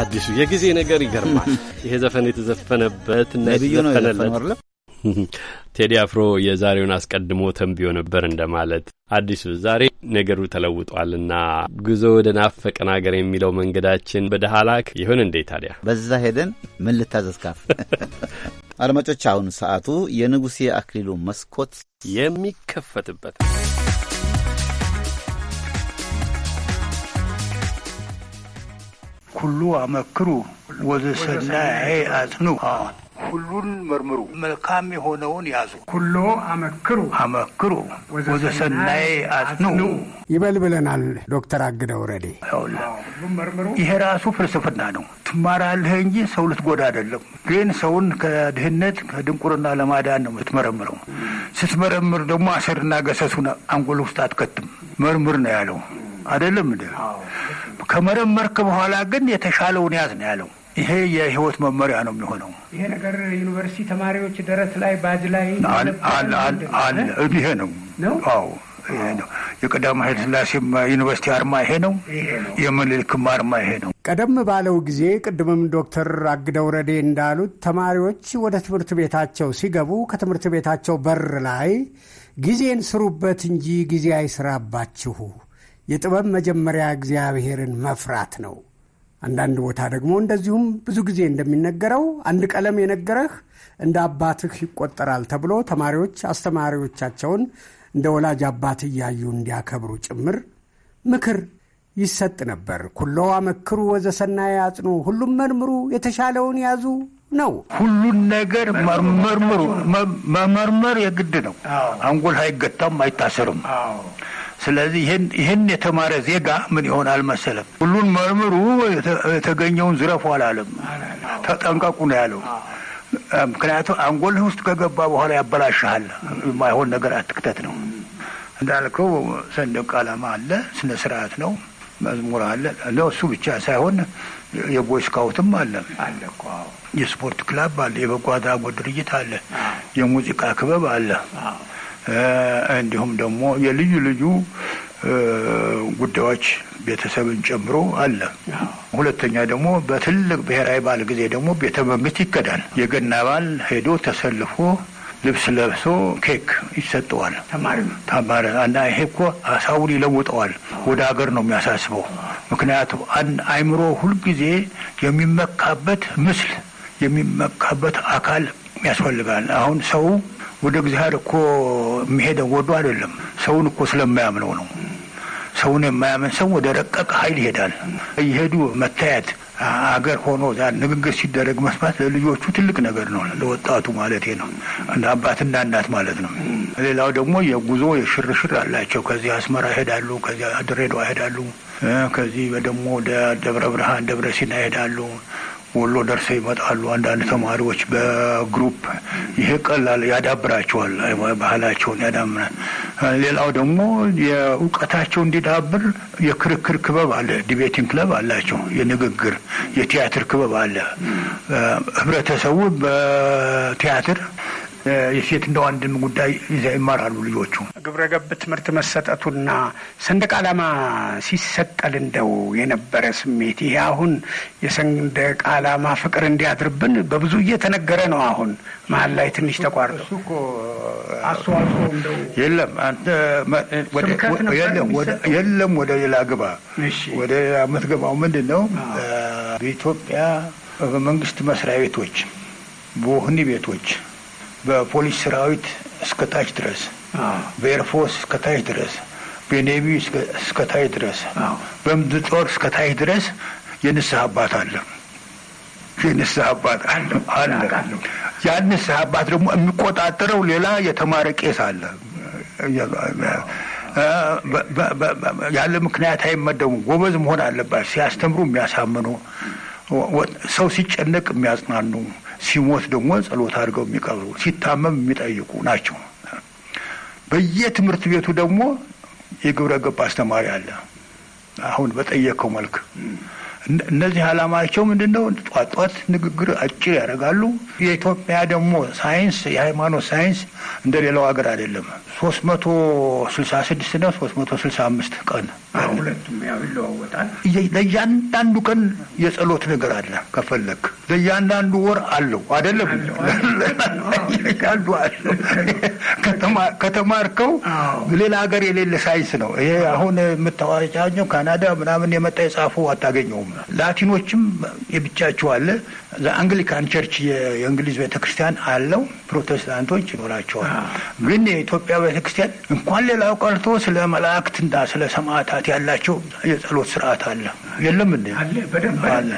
አዲሱ የጊዜ ነገር ይገርማል። ይሄ ዘፈን የተዘፈነበት እና የተዘፈነለት ቴዲ አፍሮ የዛሬውን አስቀድሞ ተንብዮ ነበር እንደማለት። አዲሱ ዛሬ ነገሩ ተለውጧልና ጉዞ ወደ ናፈቀን ሀገር የሚለው መንገዳችን በደሃላክ ይሁን እንዴ ታዲያ በዛ ሄደን ምን ልታዘዝካፍ? አድማጮች፣ አሁን ሰዓቱ የንጉሴ አክሊሉ መስኮት የሚከፈትበት ነው። ኩሉ አመክሩ ወዘሰናይ አጽኑ ሁሉን መርምሩ፣ መልካም የሆነውን ያዙ። ኩሎ አመክሩ አመክሩ ወዘሰናይ አጽኑ ይበል ብለናል ዶክተር አግደ ውረዴ ይሄ ራሱ ፍልስፍና ነው። ትማራለህ እንጂ ሰው ልትጎዳ አይደለም። ግን ሰውን ከድህነት ከድንቁርና ለማዳን ነው የምትመረምረው። ስትመረምር ደግሞ አሰርና ገሰሱን አንጎል ውስጥ አትከትም። መርምር ነው ያለው። አይደለም እንደ ከመረመርክ በኋላ ግን የተሻለውን ያዝ ነው ያለው። ይሄ የህይወት መመሪያ ነው የሚሆነው። ይሄ ነገር ዩኒቨርሲቲ ተማሪዎች ደረት ላይ ባጅ ላይ አለ። ይሄ ነው አዎ ነው የቀዳማዊ ኃይለ ዩኒቨርሲቲ አርማ ይሄ ነው። የምኒልክም አርማ ይሄ ነው። ቀደም ባለው ጊዜ ቅድምም ዶክተር አግደው ረዴ እንዳሉት ተማሪዎች ወደ ትምህርት ቤታቸው ሲገቡ ከትምህርት ቤታቸው በር ላይ ጊዜን ስሩበት እንጂ ጊዜ አይስራባችሁ የጥበብ መጀመሪያ እግዚአብሔርን መፍራት ነው። አንዳንድ ቦታ ደግሞ እንደዚሁም ብዙ ጊዜ እንደሚነገረው አንድ ቀለም የነገረህ እንደ አባትህ ይቆጠራል ተብሎ ተማሪዎች አስተማሪዎቻቸውን እንደ ወላጅ አባት እያዩ እንዲያከብሩ ጭምር ምክር ይሰጥ ነበር። ኩሎ መክሩ ወዘሰና ያጽኑ፣ ሁሉም መርምሩ የተሻለውን ያዙ ነው። ሁሉን ነገር መርምሩ። መመርመር የግድ ነው። አንጎል አይገታም፣ አይታሰርም። ስለዚህ ይህን የተማረ ዜጋ ምን ይሆን አልመሰለም። ሁሉን መርምሩ የተገኘውን ዝረፉ አላለም። ተጠንቀቁ ነው ያለው። ምክንያቱም አንጎል ውስጥ ከገባ በኋላ ያበላሻሃል። የማይሆን ነገር አትክተት ነው እንዳልከው። ሰንደቅ ዓላማ አለ፣ ስነ ስርዓት ነው፣ መዝሙር አለ። እሱ ብቻ ሳይሆን የቦይ ስካውትም አለ፣ የስፖርት ክላብ አለ፣ የበጎ አድራጎት ድርጅት አለ፣ የሙዚቃ ክበብ አለ። እንዲሁም ደግሞ የልዩ ልዩ ጉዳዮች ቤተሰብን ጨምሮ አለ። ሁለተኛ ደግሞ በትልቅ ብሔራዊ በዓል ጊዜ ደግሞ ቤተ መንግስት ይከዳል። የገና በዓል ሄዶ ተሰልፎ ልብስ ለብሶ ኬክ ይሰጠዋል። ተማሪ እና ይሄ እኮ አሳውን ይለውጠዋል። ወደ ሀገር ነው የሚያሳስበው። ምክንያቱም አይምሮ ሁልጊዜ የሚመካበት ምስል የሚመካበት አካል ያስፈልጋል። አሁን ሰው ወደ እግዚአብሔር እኮ የሚሄደው ወዶ አይደለም፣ ሰውን እኮ ስለማያምነው ነው። ሰውን የማያምን ሰው ወደ ረቀቀ ኃይል ይሄዳል። እየሄዱ መታየት አገር ሆኖ ንግግር ሲደረግ መስማት ለልጆቹ ትልቅ ነገር ነው፣ ለወጣቱ ማለት ነው። እንደ አባትና እናት ማለት ነው። ሌላው ደግሞ የጉዞ የሽርሽር አላቸው። ከዚህ አስመራ ይሄዳሉ፣ ከዚያ ድሬዳዋ ይሄዳሉ፣ ከዚህ ደግሞ ወደ ደብረ ብርሃን ደብረ ሲና ይሄዳሉ። ወሎ ደርሰው ይመጣሉ። አንዳንድ ተማሪዎች በግሩፕ ይሄ ቀላል ያዳብራቸዋል፣ ባህላቸውን ያዳምናል። ሌላው ደግሞ የእውቀታቸው እንዲዳብር የክርክር ክበብ አለ፣ ዲቤቲንግ ክለብ አላቸው፣ የንግግር የቲያትር ክበብ አለ። ህብረተሰቡ በቲያትር የሴት እንደ አንድም ጉዳይ ይዘ ይማራሉ ልጆቹ። ግብረ ገብ ትምህርት መሰጠቱና ሰንደቅ ዓላማ ሲሰጠል እንደው የነበረ ስሜት ይሄ አሁን የሰንደቅ ዓላማ ፍቅር እንዲያድርብን በብዙ እየተነገረ ነው። አሁን መሀል ላይ ትንሽ ተቋርጦ የለም የለም ወደ ሌላ ግባ ወደ ሌላ ምትገባው ምንድን ነው? በኢትዮጵያ በመንግስት መስሪያ ቤቶች፣ በወህኒ ቤቶች በፖሊስ ሰራዊት እስከታች ድረስ በኤርፎርስ እስከታች ድረስ በኔቪ እስከታች ድረስ በምድር ጦር እስከታች ድረስ የንስሐ አባት አለ። የንስሐ አባት አለ። ያ ንስሐ አባት ደግሞ የሚቆጣጠረው ሌላ የተማረ ቄስ አለ። ያለ ምክንያት አይመደቡም። ጎበዝ መሆን አለባቸው። ሲያስተምሩ የሚያሳምኑ፣ ሰው ሲጨነቅ የሚያጽናኑ ሲሞት ደግሞ ጸሎት አድርገው የሚቀብሩ ሲታመም የሚጠይቁ ናቸው። በየትምህርት ቤቱ ደግሞ የግብረ ገብ አስተማሪ አለ። አሁን በጠየቀው መልክ እነዚህ ዓላማቸው ምንድን ነው? ጧጧት ንግግር አጭር ያደርጋሉ። የኢትዮጵያ ደግሞ ሳይንስ የሃይማኖት ሳይንስ እንደ ሌላው ሀገር አይደለም። ሶስት መቶ ስልሳ ስድስት ነው ሶስት መቶ ስልሳ አምስት ቀን ሁለቱም ያው ይለዋወጣል። ለእያንዳንዱ ቀን የጸሎት ነገር አለ። ከፈለግ ለእያንዳንዱ ወር አለው አይደለም ያንዱ አለው። ከተማርከው ሌላ ሀገር የሌለ ሳይንስ ነው ይሄ። አሁን የምታዋጫኘው ካናዳ ምናምን የመጣ የጻፉ አታገኘውም። ላቲኖችም የብቻቸው አለ። አንግሊካን ቸርች የእንግሊዝ ቤተክርስቲያን አለው። ፕሮቴስታንቶች ይኖራቸዋል። ግን የኢትዮጵያ ቤተክርስቲያን እንኳን ሌላው ቀርቶ ስለ መላእክትና ስለ ሰማዕታት ያላቸው የጸሎት ስርዓት አለ። የለም እንዴ? አለ።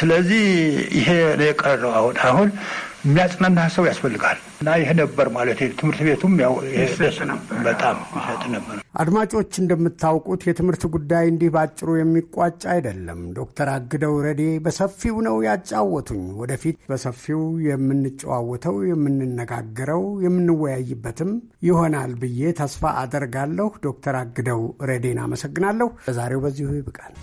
ስለዚህ ይሄ የቀረው አሁን አሁን የሚያጽናና ሰው ያስፈልጋል እና ይህ ነበር ማለት ትምህርት ቤቱም ያው በጣም ይሰጥ ነበር። አድማጮች እንደምታውቁት የትምህርት ጉዳይ እንዲህ ባጭሩ የሚቋጭ አይደለም። ዶክተር አግደው ረዴ በሰፊው ነው ያጫወቱኝ። ወደፊት በሰፊው የምንጨዋወተው የምንነጋገረው፣ የምንወያይበትም ይሆናል ብዬ ተስፋ አደርጋለሁ። ዶክተር አግደው ረዴን አመሰግናለሁ። በዛሬው በዚሁ ይብቃል።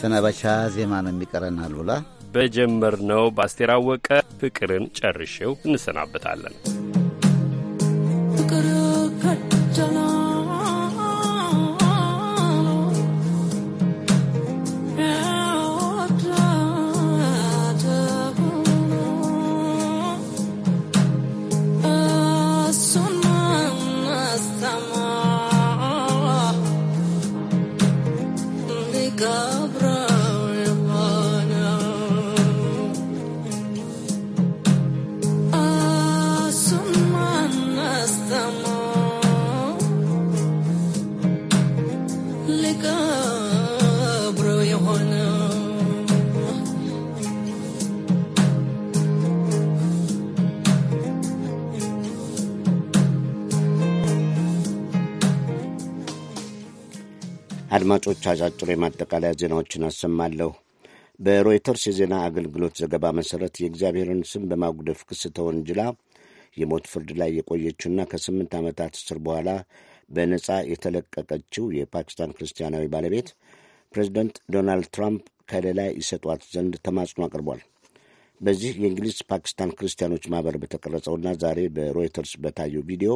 የመሰናበቻ ዜማ ነው የሚቀረን። አሉላ በጀመርነው በአስቴር አወቀ ፍቅርን ጨርሼው እንሰናበታለን። አድማጮች አጫጭር የማጠቃለያ ዜናዎችን አሰማለሁ። በሮይተርስ የዜና አገልግሎት ዘገባ መሠረት የእግዚአብሔርን ስም በማጉደፍ ክስ ተወንጅላ የሞት ፍርድ ላይ የቆየችውና ከስምንት ዓመታት እስር በኋላ በነጻ የተለቀቀችው የፓኪስታን ክርስቲያናዊ ባለቤት ፕሬዚደንት ዶናልድ ትራምፕ ከሌላ ይሰጧት ዘንድ ተማጽኖ አቅርቧል። በዚህ የእንግሊዝ ፓኪስታን ክርስቲያኖች ማኅበር በተቀረጸውና ዛሬ በሮይተርስ በታየው ቪዲዮ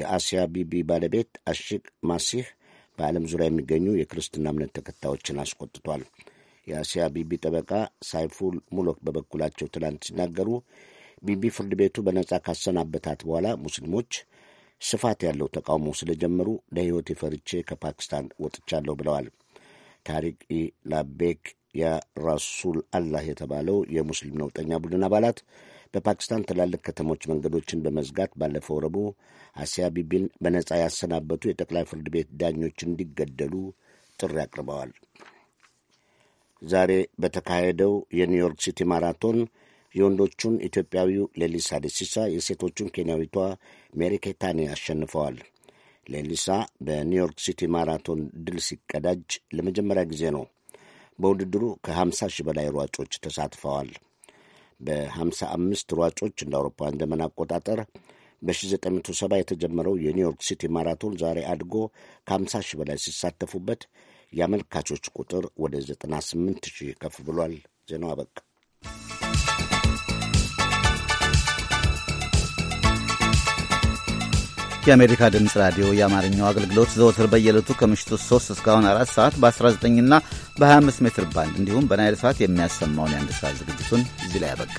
የአሲያ ቢቢ ባለቤት አሺቅ ማሲህ በዓለም ዙሪያ የሚገኙ የክርስትና እምነት ተከታዮችን አስቆጥቷል። የአሲያ ቢቢ ጠበቃ ሳይፉል ሙሎክ በበኩላቸው ትላንት ሲናገሩ ቢቢ ፍርድ ቤቱ በነጻ ካሰናበታት በኋላ ሙስሊሞች ስፋት ያለው ተቃውሞ ስለጀመሩ ለሕይወት የፈርቼ ከፓኪስታን ወጥቻለሁ ብለዋል። ታሪክ ኢ ላቤክ የራሱል አላህ የተባለው የሙስሊም ነውጠኛ ቡድን አባላት በፓኪስታን ትላልቅ ከተሞች መንገዶችን በመዝጋት ባለፈው ረቡዕ አሲያ ቢቢን በነጻ ያሰናበቱ የጠቅላይ ፍርድ ቤት ዳኞች እንዲገደሉ ጥሪ አቅርበዋል። ዛሬ በተካሄደው የኒውዮርክ ሲቲ ማራቶን የወንዶቹን ኢትዮጵያዊው ሌሊሳ ደሲሳ የሴቶቹን ኬንያዊቷ ሜሪ ኬታኒ አሸንፈዋል። ሌሊሳ በኒውዮርክ ሲቲ ማራቶን ድል ሲቀዳጅ ለመጀመሪያ ጊዜ ነው። በውድድሩ ከ50 ሺህ በላይ ሯጮች ተሳትፈዋል። በ55 ሯጮች እንደ አውሮፓውያን ዘመን አቆጣጠር በ1970 የተጀመረው የኒውዮርክ ሲቲ ማራቶን ዛሬ አድጎ ከ50 ሺህ በላይ ሲሳተፉበት የአመልካቾች ቁጥር ወደ 98 ሺህ ከፍ ብሏል። ዜናው አበቃ። የአሜሪካ ድምፅ ራዲዮ የአማርኛው አገልግሎት ዘወትር በየለቱ ከምሽቱ 3 እስካሁን 4 ሰዓት በ19 እና በ25 ሜትር ባንድ እንዲሁም በናይል ሰዓት የሚያሰማውን የአንድ ሰዓት ዝግጅቱን እዚህ ላይ ያበቃ።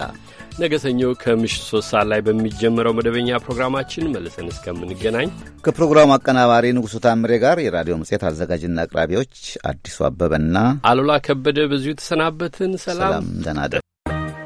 ነገ ሰኞ ከምሽቱ 3 ሰዓት ላይ በሚጀምረው መደበኛ ፕሮግራማችን መልሰን እስከምንገናኝ ከፕሮግራሙ አቀናባሪ ንጉሱ ታምሬ ጋር የራዲዮ መጽሔት አዘጋጅና አቅራቢዎች አዲሱ አበበና አሉላ ከበደ በዚሁ ተሰናበትን። ሰላም ደናደ